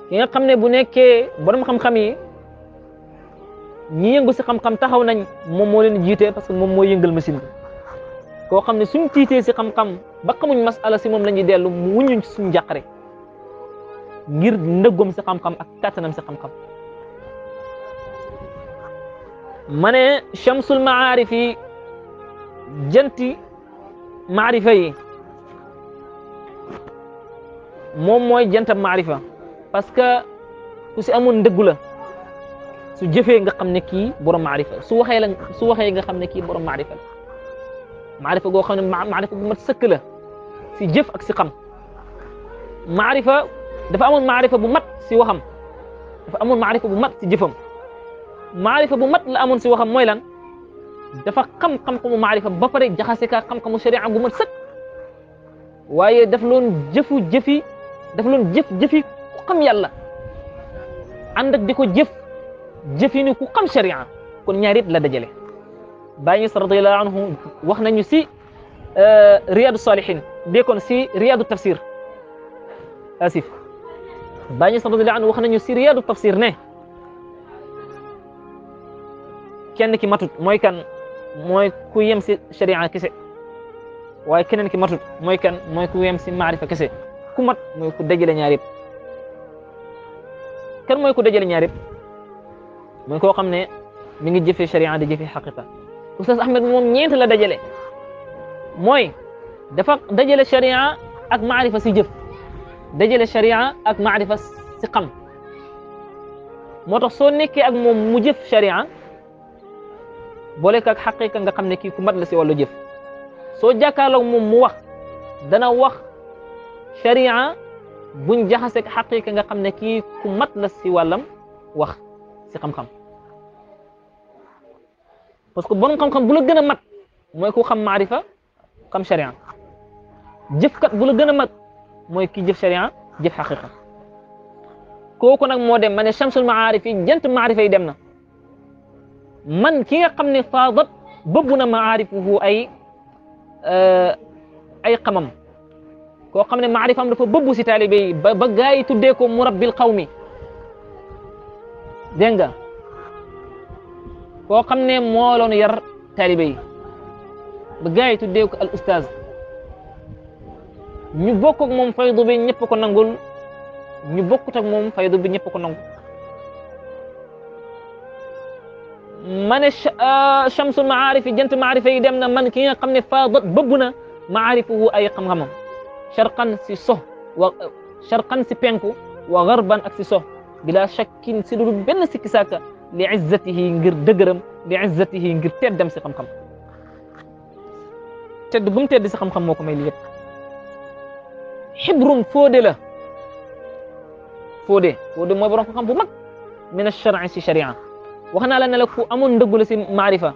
ki nga xam ne bu nekkee borom xam-xam yi ñi yëngu si xam-xam taxaw nañ moom moo leen jiite parce que moom mooy yëngal machine bi koo xam ne suñ tiitee si xam-xam ba xamuñ masala si moom la ñuy dellu mu wuñuñ si suñ jàqare ngir ndëggoom si xam-xam ak kàttanam si xam-xam ma ne chamsul maarif janti maarifa yi moom mooy janta maarifa parce que ku si amoon ndëggu la su jëfee nga xam ne kii borom maarifa su waxee la su waxee nga xam ne kii borom maarifa maarifa goo xam ne maarifa gu mat sëkk la si jëf ak si xam maarifa dafa amoon maarifa bu mat si waxam dafa amoon maarifa bu mat si jëfam maarifa bu mat la amoon si waxam mooy lan dafa xam xam-xamu maarifa ba pare jaxase ka xam-xamu sharia bu mat sëkk waaye daf loon jëfu jëfi daf loon jëf jëfi ku xam yàlla ànd ak di ko jëf jëfi ni ku xam sharia kon ñaarit la dajale Baay Ñas radiyallahu anhu wax nañu si euh, Riyadu Salihin dékkoon si Riyadu Tafsir asif Baay Ñas radiyallahu anhu wax nañu si Riyadu Tafsir ne kenn ki matut mooy kan mooy ku yem si sharia kese waaye keneen ki matut mooy kan mooy ku yem si maarifa kese ku mat mooy ku dajale ñaar kenn mooy ku dajale ñaar yëpp mooy koo xam ne mi ngi jëfe sharia di jëfe xaqiqa oustaz Ahmed moom ñeent la dajale mooy dafa dajale sharia ak maarifa si jëf dajale sharia ak maarifa si xam moo tax soo nekkee ak moom mu jëf sharia boole ko ak xaqiqa nga xam ne kii ku mat la si wàllu jëf soo jàkkaarloog moom mu wax dana wax sharia buñ jaxaseeg xaqiqa nga xam ne kii ku mat la si wàllam wax si xam parce que borom xam-xam bu la gën a mat mooy ku xam maarifa xam sharia jëfkat bu la gën a mat mooy ki jëf sharia jëf xaqiqa kooku nag moo dem mane ne chamsul maarif yi yi dem na man ki nga xam ne faadat bëbbu na maarifuhu ay eh, ay xamam koo xam ne maarifam dafa bëbbu si taalibe yi ba ba gaa yi tuddee ko murabbil qawmi dégg nga koo xam ne mooloon loonu yar taalibe yi ba gars yi tuddee ko al ustaaz ñu bokk moom faydu bi ñëpp ko nangul ñu bokkut ak moom faydu bi ñëpp ko nangul ma ne chamsul ah, maarif yi dem na man ki nga xam ne faadat bëbb na maarifuhu ay xam-xamam charqan si sox wa charqan si penku wa garban ak si sox bila shakkin si lu benn sikki sàkka li izzatihi ngir dëgëram li izzatihi ngir teddam si xam-xam tedd bu mu tedd si xam-xam moo ko may li yëpp xibrum foode la foode foode mooy borom xam-xam bu mag min alsharci si sharia wax naa la ne la ku amoon ndëggu la si maarifa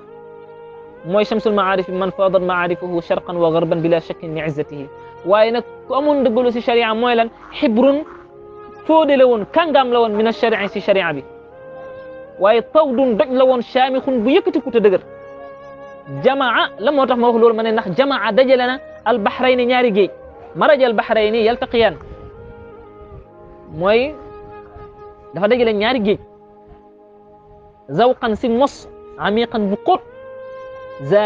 mooy shamsul maarif man faadal maarifahu sharqan wa garban bila shakkin li izzatihi waaye nag ku amoon ndëggu la si sharia mooy lan xibrun foode la woon kàngaam la woon min alsharci si sharia bi waaye tawdun doj la woon saamixun bu yëkkatiku te dëgër jamaa la moo tax ma wax loolu ma ne ndax jamaa dajale na albahrayni ñaari géej maraj albahrayni yaltaqiyaan mooy dafa dajale ñaari géej zawqan si mos amiqan bu xóot za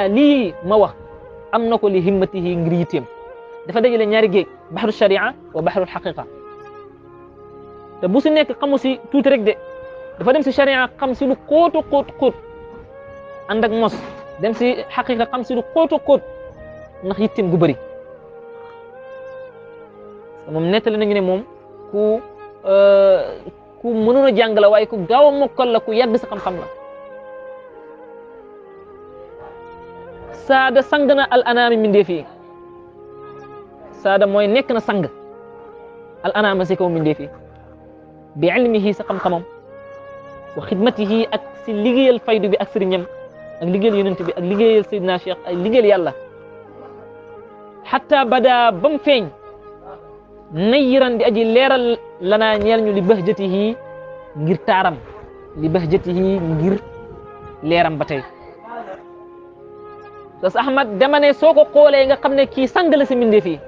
ma wax am na ko li himmatihi ngir yitteem dafa dajale ñaari géej baxru sharia wa baxru alxaqiqa te bu si nekk xamu si tuuti rek de dafa dem si charia xam si lu kóotu kóot kóot ànd ak mos dem si xaqiqa xam si lu kóotu kóot ndax yittim gu bëri moom nettali nañu ne moom ku euh, ku mënoon a jàng la waaye ku gaaw a mokkal la ku yàgg sa xam na saada sang na al anaami fii saada mooy nekk na sang al anaama si kaw mindee fii bi ilmihi sa xam-xamam wa xidmatihi ak si liggéeyal faydu bi ak sëriñam ak liggéeyal yonent bi ak liggéeyal Seydina Cheikh ak liggéeyal yàlla xataa badaa ba mu feeñ nayiran di aji leeral lanaa ñeel ñu li bahjatihi ngir taaram li bahjatihi ngir leeram ba tey sas ahmad dama ne soo ko xoolee nga xam ne kii sang la si mbindeef yi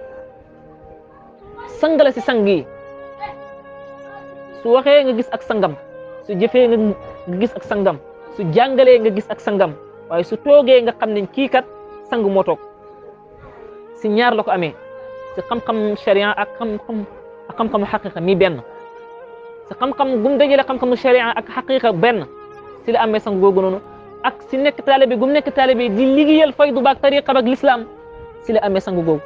sang si sang yi su waxee nga gis ak sangam su jëfee nga gis ak sangam su jàngalee nga gis ak sangam waaye su toogee nga xam ne kii kat sang moo toog si ñaar la ko amee si xam-xam sharia ak xam-xam ak xam-xamu xaqiqa mi benn si xam-xam gum dajale xam-xamu sharia ak benn si la amee sang googu noonu ak si nekk taalibe nekk taalibe di liggéeyal faydu baak tariqa baak lislaam si la amee sang googu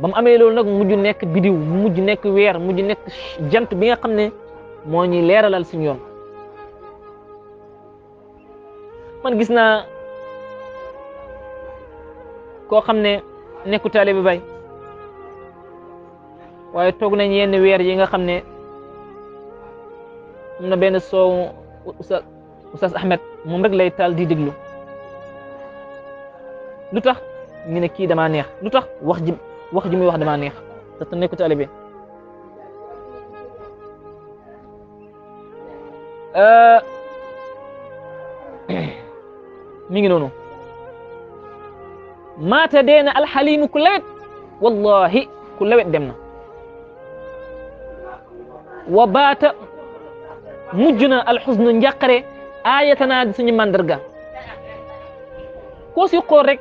ba mu amee loolu nag mujj nekk bidiw mujj nekk weer mujj nekk jant bi nga xam ne moo ñuy leeralal suñu yoon man gis naa koo xam ne nekku taalibe bi bay waaye toog nañ yenn weer yi nga xam ne am na benn soow Oustaz Oustaz Ahmed moom rek lay taal di déglu lu tax ñu ne kii damaa neex lu tax wax ji wax ji muy wax damaa neex te nekku taalibe bi Euh. mi ngi noonu maata dee na alxalimu ku lewet wallahi ku lewet dem na wa baata mujj na alxusnu njàqare aayatanaa di suñu mandarga koo si xool rek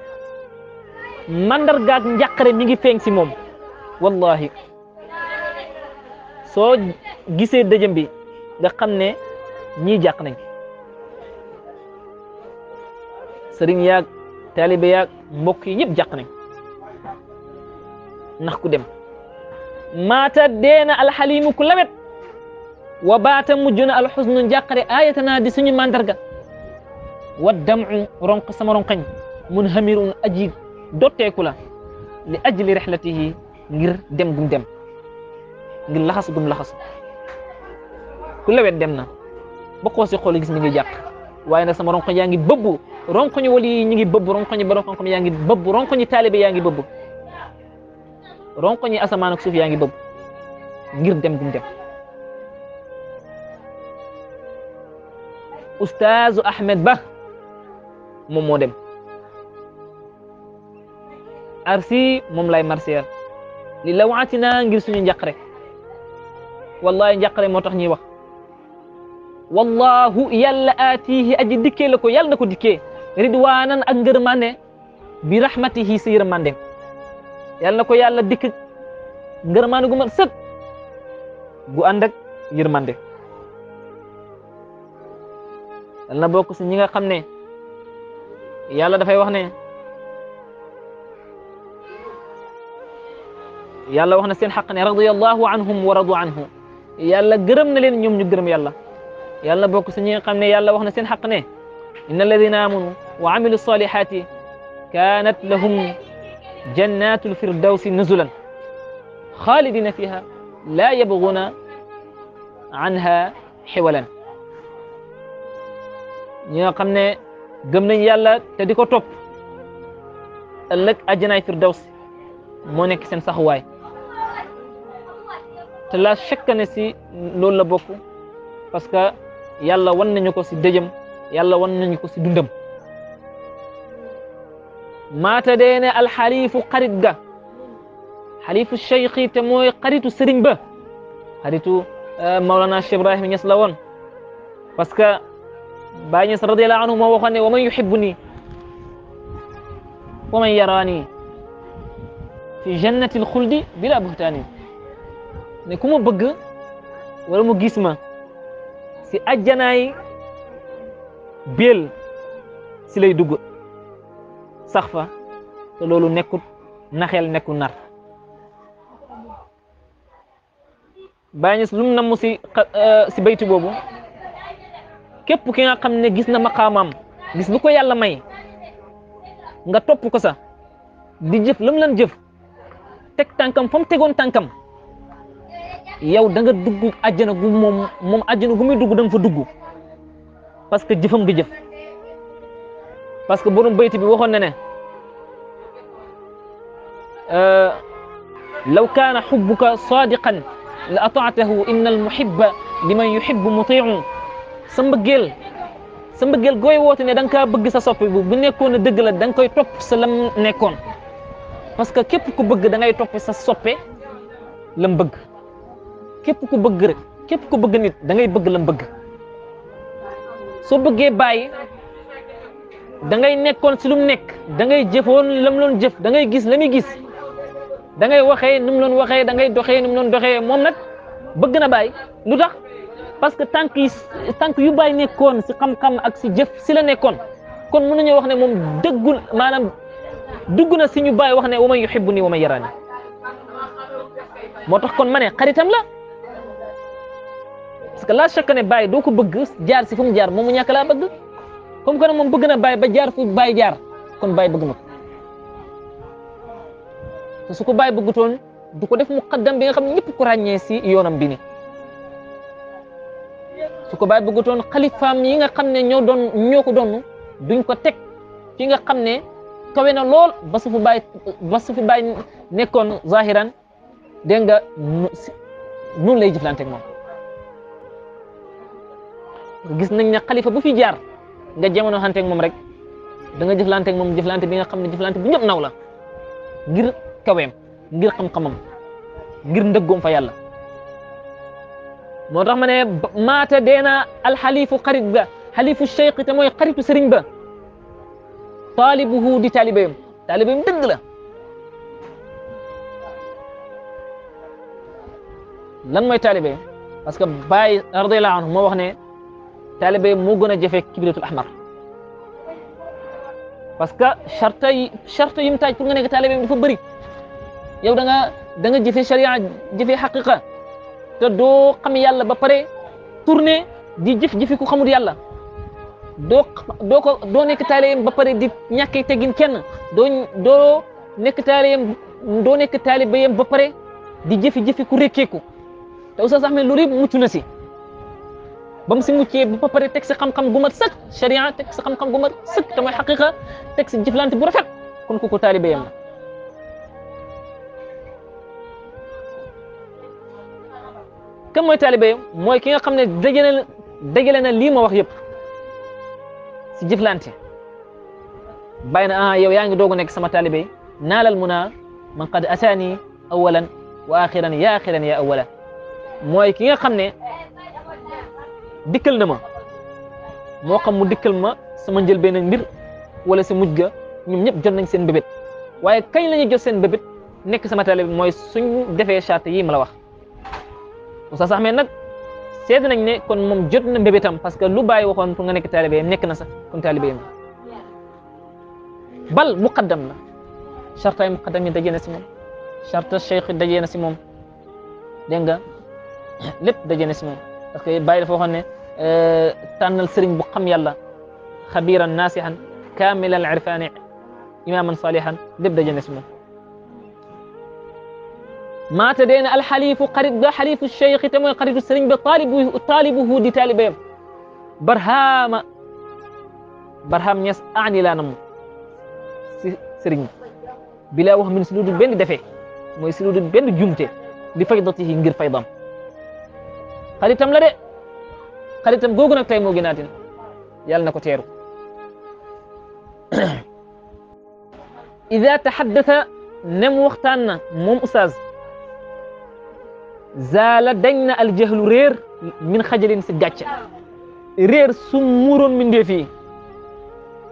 mandargaak njàqare mi ngi feeñ moom wallahi soo gisee dëjëm bi nga xam ne ñii jàq nañ sëriñ yaag taalibe yaag mbokk yi ñëpp jàq nañ ndax ku dem maata deena alxalimu ku lawet wa baata mujj na alxusnu njàqare aayatana di suñu mandarga wa damu ronq sama ronqañ mun hamirun aji dotteeku la li ajli rexlatihi ngir dem gum dem ngir laxas gum laxas ku lawet dem na ba koo si xool gis mi ngi jàq waaye nag sama ronkoñ yaa ngi bëbb ronkoñ wali yi ñu ngi bëbb ronkoñ borom xam-xam yaa ngi bëbb ronkoñ taalibe yaa ngi bëbb asamaan ak yaa ngi bëbb ngir dem gum dem ustaazu Ahmed Ba moom moo dem arsi moom lay marsier li lawatina ngir suñu njàqare wallahi njàqare moo tax ñuy wax wallahu yàlla aatihi aji dikkee la ko yàlla na ko dikke ridwaanan ak ngërmande bi rahmatihi si yërmande yàlla na ko yàlla dikk ngërmande gu mat sëpp gu ànd ak yërmande yàlla na bokk si ñi nga xam ne yàlla dafay wax ne yàlla wax na seen xaq ne radiyallahu anhum wa radu anhu yàlla gërëm na leen ñoom ñu gërëm yàlla yàlla na bokk si ñi nga xam ne yàlla wax na seen xaq ne inna alladina amanu wa amilu salihati kaanat lahum jannatul firdawsi nuzulan xaalidina fiha laa yabguna anha xiwalan ñi nga xam ne gëm nañ yàlla te di ko topp ëllëg ajjanaay firdawsi moo nekk seen saxuwaay te la chekk ne si loolu la bokk parce que yàlla wan nañu ko si dëjëm yàlla wan nañu ko si dundam maata deene alxaliifu xarit ga xaliifu cheikhi te mooy xaritu sëriñ ba xaritu eh, Mawlana Cheikh Ibrahim Ñas la woon parce que Baay Ñas radiyallahu anhu moo waxoon ne wa man yuhibbuni wa man yaraani fi jannati alxuldi bila buhtaani ne ku ma bëgg wala mu gis ma si ajjanaay béel si lay dugg sax fa loolu nekkut naxeel nekkut nar bàyyi ñu lum namm si euh, si bayti boobu képp ki nga xam ne gis na maqaamaam gis lu ko yàlla may nga topp ko sa di jëf lam lan jëf teg tànkam fa mu tegoon tànkam yow danga nga dugg gu moom moom àjjana gu muy dugg da nga fa dugg parce que jëfam nga jëf parce que borom bayti bi waxoon na ne euh, law kaana xubbuka sadiqan la ataatahu inna al muhibba liman yuhibbu mutiu sa mbëggeel sa mbëggeel gooy woote ne da nga kaa bëgg sa soppi bu nekkoon a dëgg la danga koy topp sa lam nekkoon parce que képp ku bëgg da ngay sa soppe lam bëgg képp ku bëgg rek képp ku bëgg nit da bëgg lam bëgg soo bëggee bàyyi da ngay nekkoon si lu mu nekk da ngay jëfoon lam loon jëf da ngay gis la muy gis da ngay waxee nu mu loon waxee da ngay doxee nu mu loon doxee moom nag bëgg na bàyyi lu tax parce que tànk yu bàyyi nekkoon si xam-xam ak si jëf si la nekkoon kon mu mën nañoo wax ne moom dëggul maanaam dugg na si ñu bàyyi wax ne wa man yuhibbu nii wa yaraani moo tax kon ma ne xaritam la parce la chaque ne bàyyi doo ko bëgg jaar si fu mu jaar moom mu ñàkk laa bëgg comme que ne moom bëgg na bàyyi ba jaar fu bàyyi jaar kon bàyyi bëgg na ko te su ko ko def muqaddam bi nga xam ne ñëpp ko ràññee si yoonam bi ni su ko bàyyi bëggutoon xalifaam yi nga xam ne ñoo doon ñoo ko doon duñ ko teg fi nga xam ne kawe na lool ba su fi bàyyi ba nekkoon zahiran dégg nga noonu lay jëflanteeg moom gis nañ ne xalifa bu fi jaar nga jamono xanteeg moom rek da nga jëflanteeg moom jëflante bi nga xam ne jëflante bu ñëpp naw la ngir kaweem ngir xam-xamam ngir ndëggoom fa yàlla moo tax ma ne maata deena alxalifu xarit ba xalifu cheikh te mooy xaritu sëriñ ba taalibuhu di taalibeem taalibeem dëgg lan mooy taalibe parce que Baay radiyallahu anhu moo wax ne taalibe moo gën a jafe kibritul ahmar parce que charte yi charte yi mu taaj pour nga nekk taalibe dafa bëri yow da nga da nga jëfe sharia jëfe xaqiqa doo xam yàlla ba pare tourné di jëf jëfi ku xamul yàlla doo ko doo nekk taalibeem ba pare di ñàkkee teggin kenn doo doo nekk doo nekk taalibeem ba pare di jëfi jëfi ku rekkeeku te Oustaz Ahmed loolu yëpp mucc na si ba mu si muccee ba pare teg si xam-xam gu mat sëkk sharia teg si xam-xam gu mat sëkk te mooy xaqiqa teg si jëflante bu rafet kon kooku taalibe yam la kan mooy mooy ki nga xam ne dajale na dajale na lii ma wax yëpp si jëflante bàyyi na ah yow yaa ngi doog a nekk sama taalibe naalal mun a man qad ataani awalan wa axiran ya axiran mooy ki nga xam ne dikkal na ma moo xam mu dikkal ma sama njël benn mbir wala si mujj ga ñoom ñëpp jot nañ seen bébét waaye kañ la ñuy jot seen bébét nekk sama taalibe bi mooy suñ defee charte yi ma la wax Oustaz Ahmed nag seet nañ ne kon moom jot na mbébétam parce que lu bàyyi waxoon pour nga nekk taalibeem nekk na sax kon taalibeem bal muqaddam la charta yi muqaddam yi dajee na si moom charta cheikh dajee na si moom dégg nga <coughs> lépp dajee na si moom parce que Baye dafa waxoon ne euh, sëriñ bu xam yàlla xabiran naasihan kaamilan irfaani imaaman salihan lépp daje na si moom maata dee na ba xalifu cheikh te mooy xaritu ba taalibu taalibuhu di taalibeem barhaama barhaam ñes aani laa nam si sëriñ wax min si lu dul benn defee mooy jumte di faydatihi ngir faydaam xaritam la de xaritam googu nag tey moo gënaatin yàlla na ko teeru <clears throat> ida taxaddata nem waxtaan na moom ustaaz zaala dañ na aljahlu réer min xajalin si gàcce réer su muuroon mindeef yi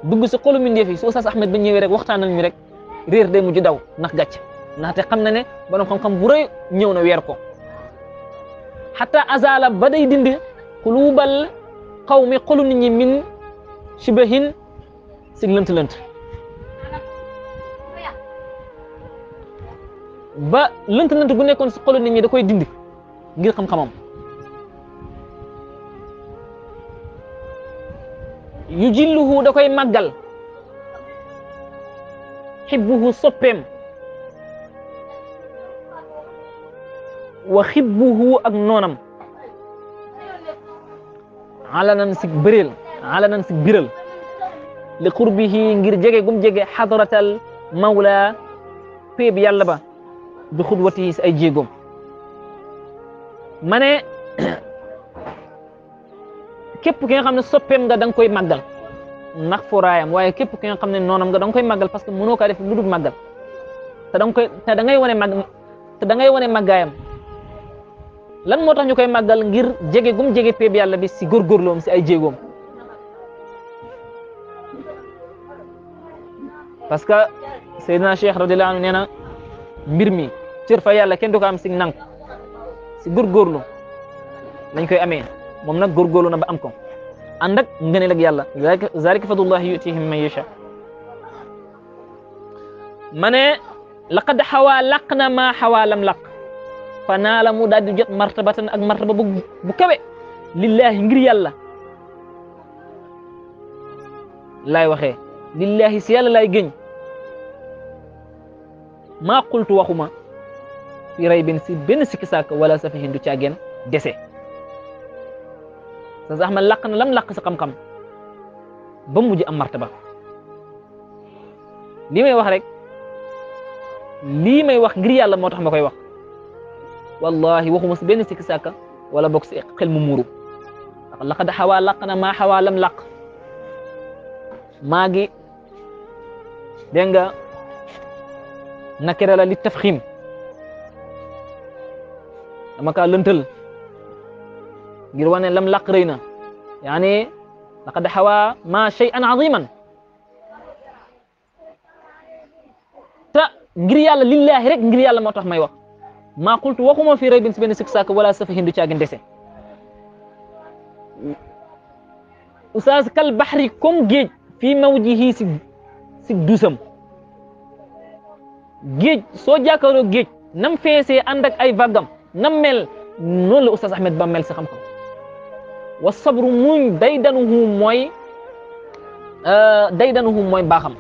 dugg si xolu mindeef yi su ustaaz Ahmed ba ñëwee rek waxtaanal ñu rek réer day mujj daw ndax gàcce ndaxte xam na ne borom xam-xam bu rëy ñëw na weer ko xata azala ba day dindi xuluubal xawmi xolu nit ñi min shibahin si lënt lënt ba lënt lënt bu nekkoon si xolu nit ñi da koy dindi ngir xam-xamam yu jilluhu da koy màggal xibbuhu soppeem wa xibbuhu ak noonam alanan si bëreel alanan si biral li qurbihi ngir jege gum jege xadaratal mawla péeb yàlla ba bi xudwatihi ay jéegoom ma ne <clears throat> képp ki xam ne soppeem nga da koy màggal ndax foraayam waaye képp ki nga xam ne noonam nga da koy màggal parce que mënoo kaa def lu dul màggal da ngay wane màgg ngay wane màggaayam lan moo tax ñu koy màggal ngir jege gum jege péeb yàlla bi si góorgóorloom si ay jéegoom parce que Seydina Cheikh radiyallahu anhu nee na mbir mi cër yàlla kenn du ko am si nank si góorgóorlu lañ koy amee moom nag góorgóorlu na ba am ko ànd ak ngëneel ak yàlla zalika fadlullahi yutihim man yasha ma ne laqad xawaa laq na maa xawaa lam laq fa naa la mu daal di jot martabatan ak martaba bu bu kawe lillaahi ngir yàlla laay waxee lillaahi si yàlla laay géñ maa qultu waxuma fi raybin si benn sikki sàkk wala safihin du caageen dese sa saxma làq na lam làq sa xam-xam ba mujj am martaba li may wax rek lii may wax ngir yàlla moo tax ma koy wax wallahi waxuma si benn sikki sàkka wala bokk si xel mu muuru ndax laqad xawaa laq na maa xawaa lam laq maa ngi dégg nga nakira la li tafxim dama kaa lëntal ngir wane lam laq rëy na yaani laqad xawaa maa shay'an aziman te ngir yàlla lillahi rek ngir yàlla moo tax may wax maa qultu waxuma fii raybin si benn sikk sàkk wala safa hindu caagin dese oustaz kal baxri comme géej fii mawjihi si si dusam géej soo jàkkaaroo géej nam feesee ànd ak ay vaggam nam mel noonu la oustaz Ahmed Ba mel si xam ko wa sabru muñ day danuhu mooy euh, day danuhu baaxam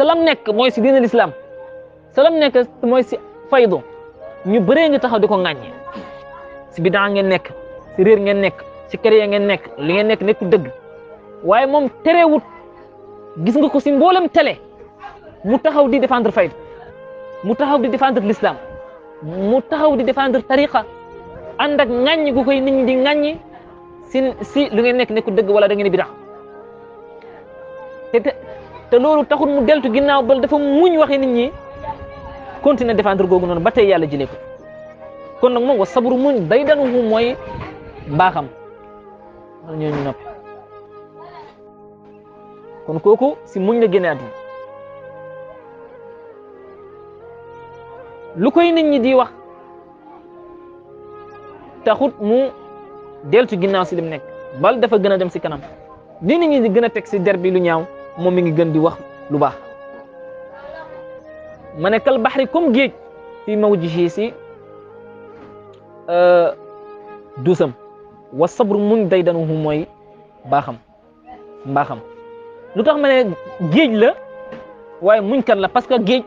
salam nekk mooy si diin al salam nekk mooy si faydu ñu bëree ngi taxaw di ko ŋàññe si bidaa ngeen nekk si réer ngeen nekk si këree ngeen nekk li ngeen nekk nekku dëgg waaye moom terewut gis nga ko si mboolem télé mu taxaw di défendre faydu mu taxaw di défendre l'islam mu taxaw di défendre tariqa ànd ak ŋàññ gu koy nit ñi di ŋàññi si si lu ngeen nekk nekku dëgg wala da ngeen bidaa te te loolu taxul mu deltu ginnaaw ba dafa muñ waxe nit ñi continuer défendre googu noonu ba tey yàlla jëlee ko kon nag moo wa sabru muñ day danuhu mooy mbaaxam man ñooñu noppi kon kooku si muñ la génne àdduna lu koy nit ñi di wax taxut mu deltu ginnaaw si lim nekk bal dafa gën a dem si kanam li nit ñi di gën a teg si der bi lu ñaaw moom mi ngi gën di wax lu baax ma ne kal baxri comme géej fi mawjihi si euh, duusam wa sabru muñ day danuhu mooy baaxam mbaaxam lu tax ma ne géej la waaye muñ kan la parce que géej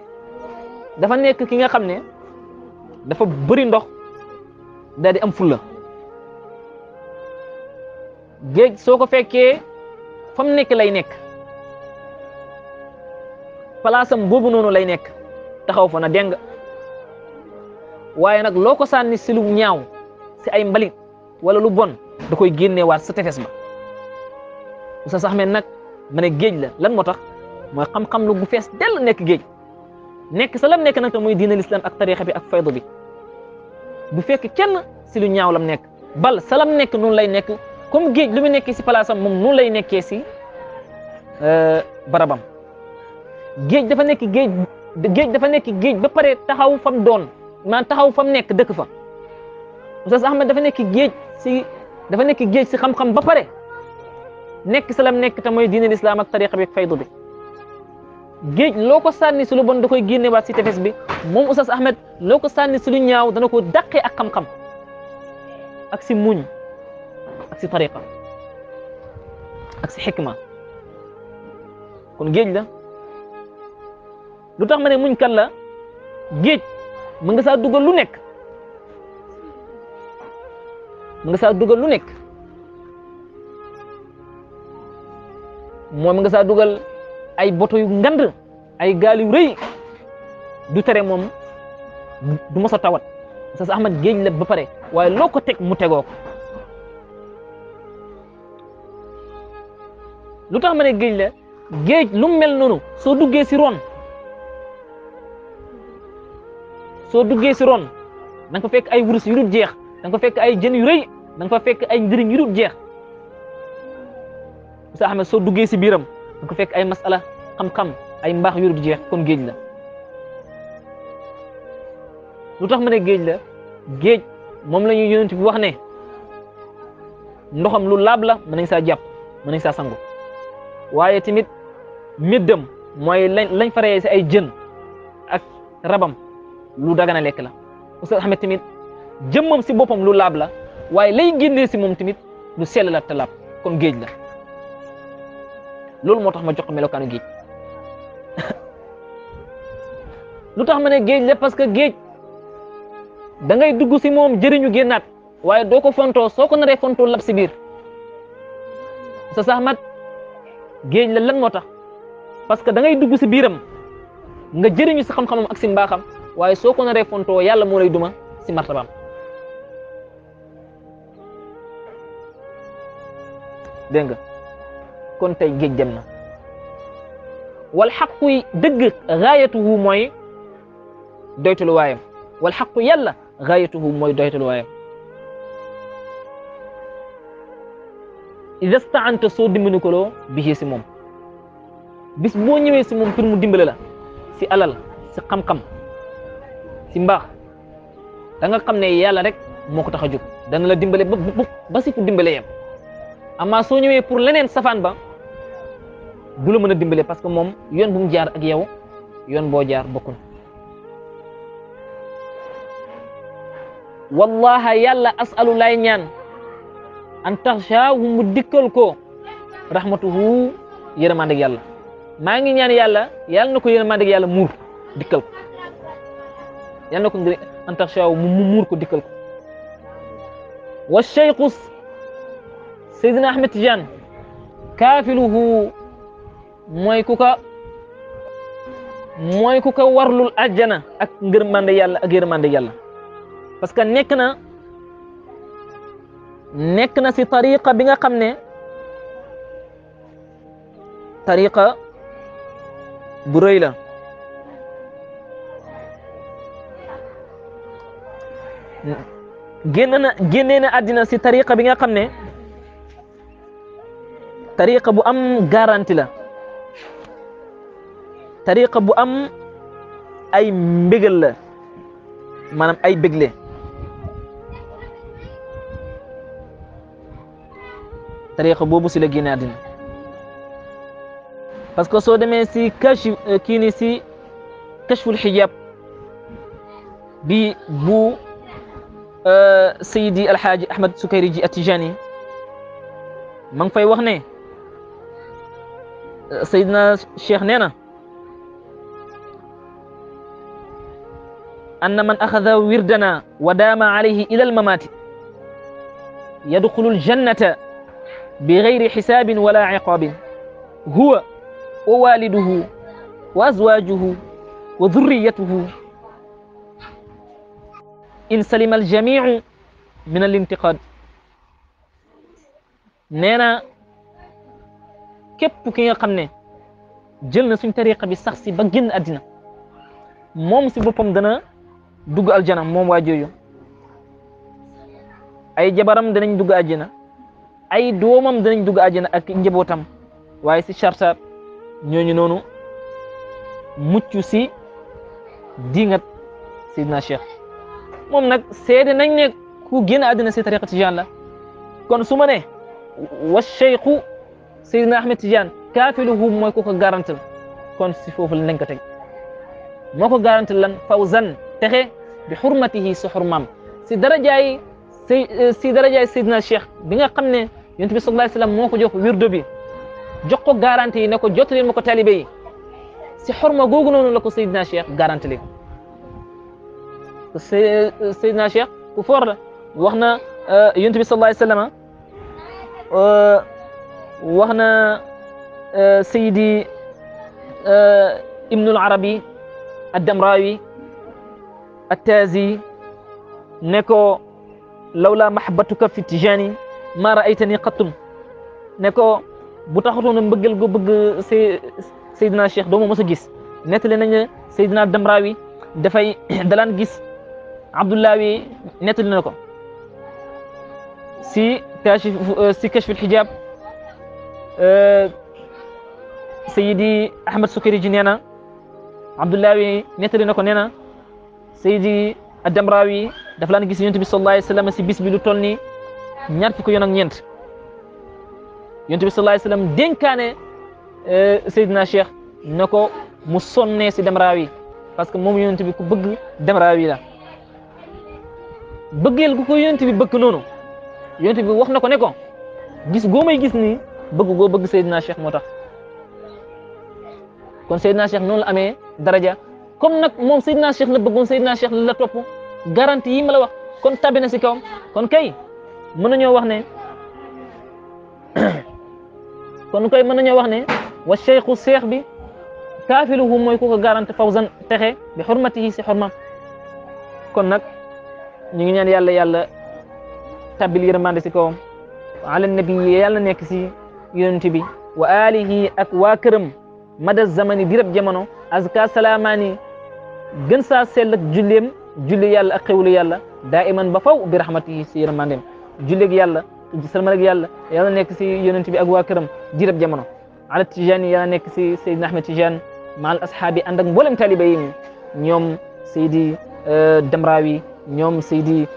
dafa nekk ki nga xam ne dafa bari ndox daal di am fulla géej soo ko fekkee fa nekk lay nekk palaasam boobu noonu lay nekk taxaw fa na deng waaye nag loo ko sànni si lu ñaaw si ay mbalit wala lu bon da koy waat sa tefes ba sa sax men nag ma ne géej la lan moo tax mooy xam-xam lu gu fees dell nekk géej nekk sa lam nekk nag te muy diina lislam ak tarixa bi ak faydu bi bu fekk kenn si lu ñaaw lam nekk bal sa lam nekk nun lay nekk comme géej lu mu nekkee si palaasam moom nun lay nekkee si euh, barabam géej dafa nekk géej géej dafa nekk géej ba pare taxaw fam doon maan taxaw fam nekk dëkk fa Oustaz Ahmad dafa nekk géej si dafa nekk géej si xam ba pare nekk si lam nekk te mooy diine lislaam ak tariqa bi ak bi géej loo ko sànni si lu bon da koy génnewaat si tefes bi moom Oustaz Ahmad loo ko sànni si lu ñaaw dana ko dàqee ak xam-xam ak si muñ ak si tariqa ak si xikma kon géej la lu tax ma ne muñ kan la géej mën nga saa dugal lu nekk mën nga saa dugal lu nekk moom mën nga saa dugal ay boto yu ngand ay gaal yu rëy du tere moom du mos a tawat sa sa Ahmad géej la ba pare waaye loo ko teg mu tegoo ko lu tax ma ne géej la géej lu mel noonu soo duggee si ron soo duggee si roon da nga fa fekk ay wurus yu dul jeex da nga fa fekk ay jën yu rëy da nga fa fekk ay njëriñ yu dul jeex Moussa soo duggee si biiram da fa fekk ay masala xam-xam ay mbaax yu dul jeex comme géej la lu tax ma ne géej la géej moom la ñuy yonent bi wax ne ndoxam lu laab la mën nañ saa jàpp mën nañ saa sangu waaye tamit middam mooy lañ lañ faree si ay jën ak rabam lu dagana lekk la Oustaz Ahmed tamit jëmmam si boppam lu laab la waaye lay génnee si moom tamit lu sell la te laab kon géej la loolu moo tax ma jox melokaanu géej <laughs> lu tax ma ne géej la parce que géej dangay dugg si moom jëriñu génnaat waaye doo ko fontoo soo ko naree fontoo lab si biir Oustaz Ahmed géej la lan moo tax parce que da ngay dugg si biiram nga jëriñu si xam-xamam ak si mbaaxam waaye soo ko naree fontoo yàlla moo lay duma si martabaam dégg kon tey géej na wal xaqu dëgg gaayatuhu mooy doytuluwaayam wal xaqu yàlla gaayatuhu mooy doytuluwaayam ida staanta soo dimbali ko loo bi si moom bis boo ñëwee si moom pour mu dimbale la si alal si xam-xam ci mbaax da nga xam ne yàlla rek moo ko tax a jóg dana la dimbale ba ba si fu dimbale yem amaa soo ñëwee pour leneen safaan ba du la mën a dimbale parce que moom yoon bu mu jaar ak yow yoon boo jaar bokkul wallaha yàlla asalu ñaan an taxsha wu mu dikkal ko rahmatuhu yërëmandeg yàlla maa ngi ñaan yàlla yàlla na ko yërëmandeg yàlla muur dikkal ko yal na ko ngir an taxshaahu mu muur ko wa cheikhu Seydina Ahmed Tidiane kaafiluhu mooy ku ka mooy ku ka warlul àjjana ak ngërmande yàlla ak yërmande yàlla parce que nekk na nekk na si tariqa bi nga xam ne tariqa bu génn na génnee na àddina si tariqa bi nga xam ne tariqa bu am garanti la tariqa bu am ay mbégal la maanaam ay bégle tariqa boobu si la génne àddina parce que soo demee si kash kii ni si kashful hijab bi bu Euh, Seydi Alxaaji Ahmad Sukayri ji Atijani ma ngi fay wax ne euh, Seydina Cheikh nee na anna man axada wirdana wa daama alayhi ila almamaati yadxulu aljannata bi gayri xisaabin wala ciqaabin huwa wa waaliduhu wa azwaajuhu wa durriyatuhu in salima al jamiu min al intiqad nee na képp ki nga xam ne jël na suñ tariqa bi sax si ba génn àddina moom si boppam dana dugg aljana moom waa jooju ay jabaram danañ dugg àjjana ay doomam danañ dugg àjjana ak njabootam waaye si charta ñooñu noonu mucc si dingat Seydina Cheikh moom nag seede nañ ne ku génn àddina si tariqa tijaan la kon su ma ne wa cheikhu Seydina Ahmed Tijaan kaafiluhu mooy ku ko garantal kon si foofu lañ ko teg moo ko garantal lan fawzan texe bi xurmatihi si xurmaam si darajaay si si darajaay Seydina Cheikh bi nga xam ne yonent bi sallallahu alayhi wa moo ko jox wirdo bi jox ko garanti yi ne ko jottali ma ko talibe yi si xorma googu noonu la ko Seydina Cheikh garanti li Seydina Cheikh ku for la wax na euh, yonent bi sallallahu alayhi wa sallam ah. euh, wax na euh, Seydi Ibnul Arabi ad-Damrawi at-Taazi ne ko lawlaa mahabbatuka fi Tijaani maa ra'aytani qattum ne ko bu taxutoon mbëggal gu bëgg Seydina Cheikh doo ma mos a gis nettali nañ ne Seydina Damrawi dafay <coughs> dalaan gis. Abdullahi nettali na ko si kashif euh, si kashful hijab euh, sayidi Ahmad Sukayrij nee na Abdullahi nettali na ko nee na sayidi Addamrawi dafa laan gis yonent bi sallallahu alayhi wa sallam si bis bi lu toll ni ñaar fukki yoon ak ñeent yonent bi sallallahu alayhi wa sallam dénkaane euh, Seydina Cheikh na ko mu sonnee si Damrawi parce que moom yonent bi ku bëgg Damrawi la. bëgg bëggeel gu ko yonent bi bëgg noonu yonent wax na ko ne ko gis goo may gis nii bëgg goo bëgg Seydina Cheikh moo tax kon Seydina Cheikh noonu la amee daraja comme nag moom Seydina Cheikh la bëggoon Seydina Cheikh la topp garanti yi ma la wax kon tabe na si kawam kon kay mën nañoo wax ne <coughs> kon koy mën nañoo wax ne wa cheikhu cheikh bi kaafiluhu mooy ku ko garanti fawzan texe bi xurmatihi si xurmam kon nag ñu ngi ñaan yàlla yàlla tabbil yërmande si kawam ala nabi yàlla nekk si yonent bi wa alihi ak waa këram mada zamani di rab jamono azka salaamaani gën saa sell ak julleem julli yàlla ak xewlu yàlla daa iman ba faw bi rahmatihi si yërmandeem julleeg yàlla salmal ak yàlla yàlla nekk si yonent bi ak waa këram di jamono ala tijani yàlla nekk si sayidina ahmed tijane maal ashaabi ànd ak mboolem taliba yi ñoom sayidi euh, damrawi ñoom Seydi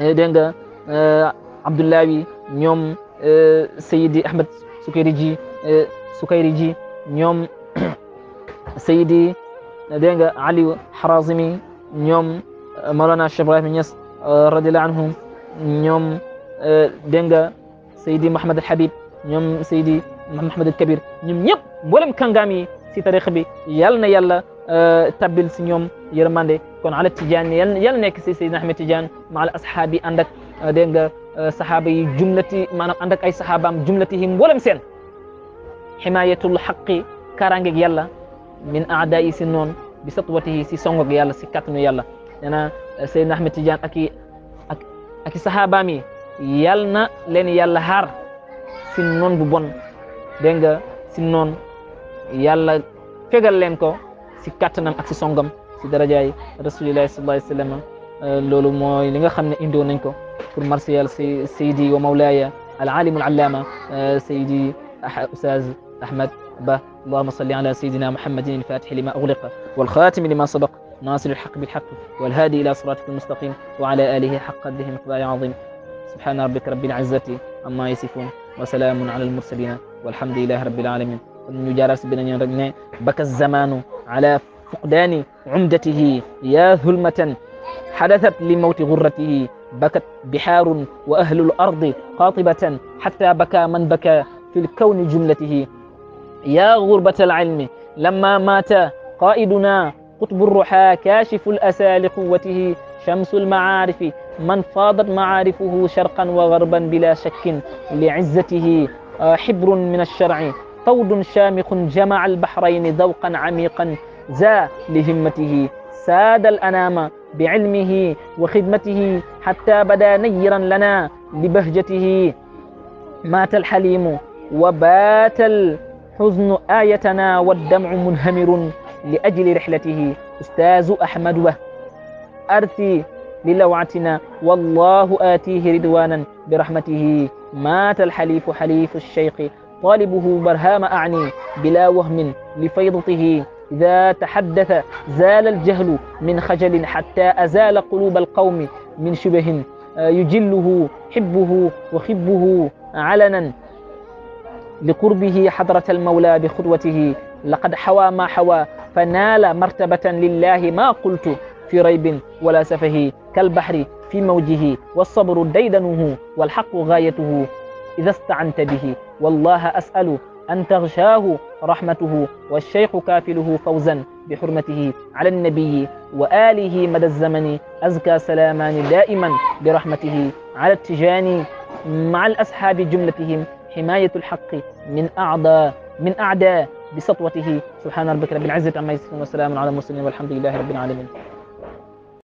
eh, dégg nga eh, Abdullahi ñoom eh, Seydi Ahmed Sukayri ji Sukayri ji ñoom <coughs> Seydi dégg nga Ali Harazimi ñoom Mawlana Cheikh Ibrahim Niass radiallahu anhum ñoom dégg nga Seydi Mohamed al Habib ñoom Seydi Mohamed al Kabir ñoom ñëpp mboolem kàngaam yi si tariix bi yàlla na yàlla Euh, tabbil si ñoom yërmande kon ala tijaan yal yal nekk si Seydina Ahmed Tijaan ma ala asxaabi ànd ak euh, dégg nga euh, saxaaba yi jumlati maanaam ànd ak ay saxaabaam jumlatihim mboolem seen ximaayatul xaqi kaaraangeeg yàlla min aada yi si noon bi satwatihi si songoog yàlla si kàttanu yàlla nee na Seydina Ahmed Tijaan ak i ak yi yal na leen yàlla xaar si noon bu bon dégg nga si noon yàlla fegal leen ko si kattanam ak si songam si darajaay rasulillahi sallallahu alayhi wa sallam euh, loolu mooy li nga xam ne indoo nañ ko pour marsiyal si saydi wa mawlaaya al aalimu al allaama euh, saydi ah, ustaaz Ahmed Ba allahuma salli ala sayidina muhammadin al fatixi lima ugliqa wal xaatimi lima sabaq ناصر الحق بالحق والهادي إلى صراطك المستقيم وعلى آله حق قدره مقدار عظيم سبحان ربك رب العزة عما يصفون وسلام على المرسلين والحمد لله رب العالمين kon ñu jaaral si beneen yoon rek ne baka zamanu ala fuqdaani umdatihi ya hulmatan xadatat li mawti gurratihi bakat bihaarun wa ahlu lardi qaatibatan xatta baka man baka fi lkawni jumlatihi ya gurbat alcilmi lama maata qaa'iduna qutbu ruxaa kaashifu lasaa liquwatihi shamsu almacaarifi man faadat macaarifuhu sharqan wa garban bila shakkin liizzatihi xibrun min alsharci طود شامخ جمع البحرين ذوقا عميقا ذا لهمته ساد الأنام بعلمه وخدمته حتى بدا نيرا لنا لبهجته مات الحليم وبات الحزن آيتنا والدمع منهمر لأجل رحلته أستاذ أحمد أرثي للوعتنا والله آتيه رضوانا برحمته مات الحليف حليف الشيخ طالبه برهام أعني بلا وهم لفيضته إذا تحدث زال الجهل من خجل حتى أزال قلوب القوم من شبه يجله حبه وخبه علنا لقربه حضرة المولى بخطوته لقد حوى ما حوى فنال مرتبة لله ما قلت في ريب ولا سفه كالبحر في موجه والصبر ديدنه والحق غايته إذا استعنت به والله أسأل أن تغشاه رحمته والشيخ كافله فوزا بحرمته على النبي وآله مدى الزمن أزكى سلامان دائما برحمته على التجاني مع الأصحاب جملتهم حماية الحق من أعداء من أعداء بسطوته سبحان ربك رب العزة عما يصفون وسلام على المرسلين والحمد لله رب العالمين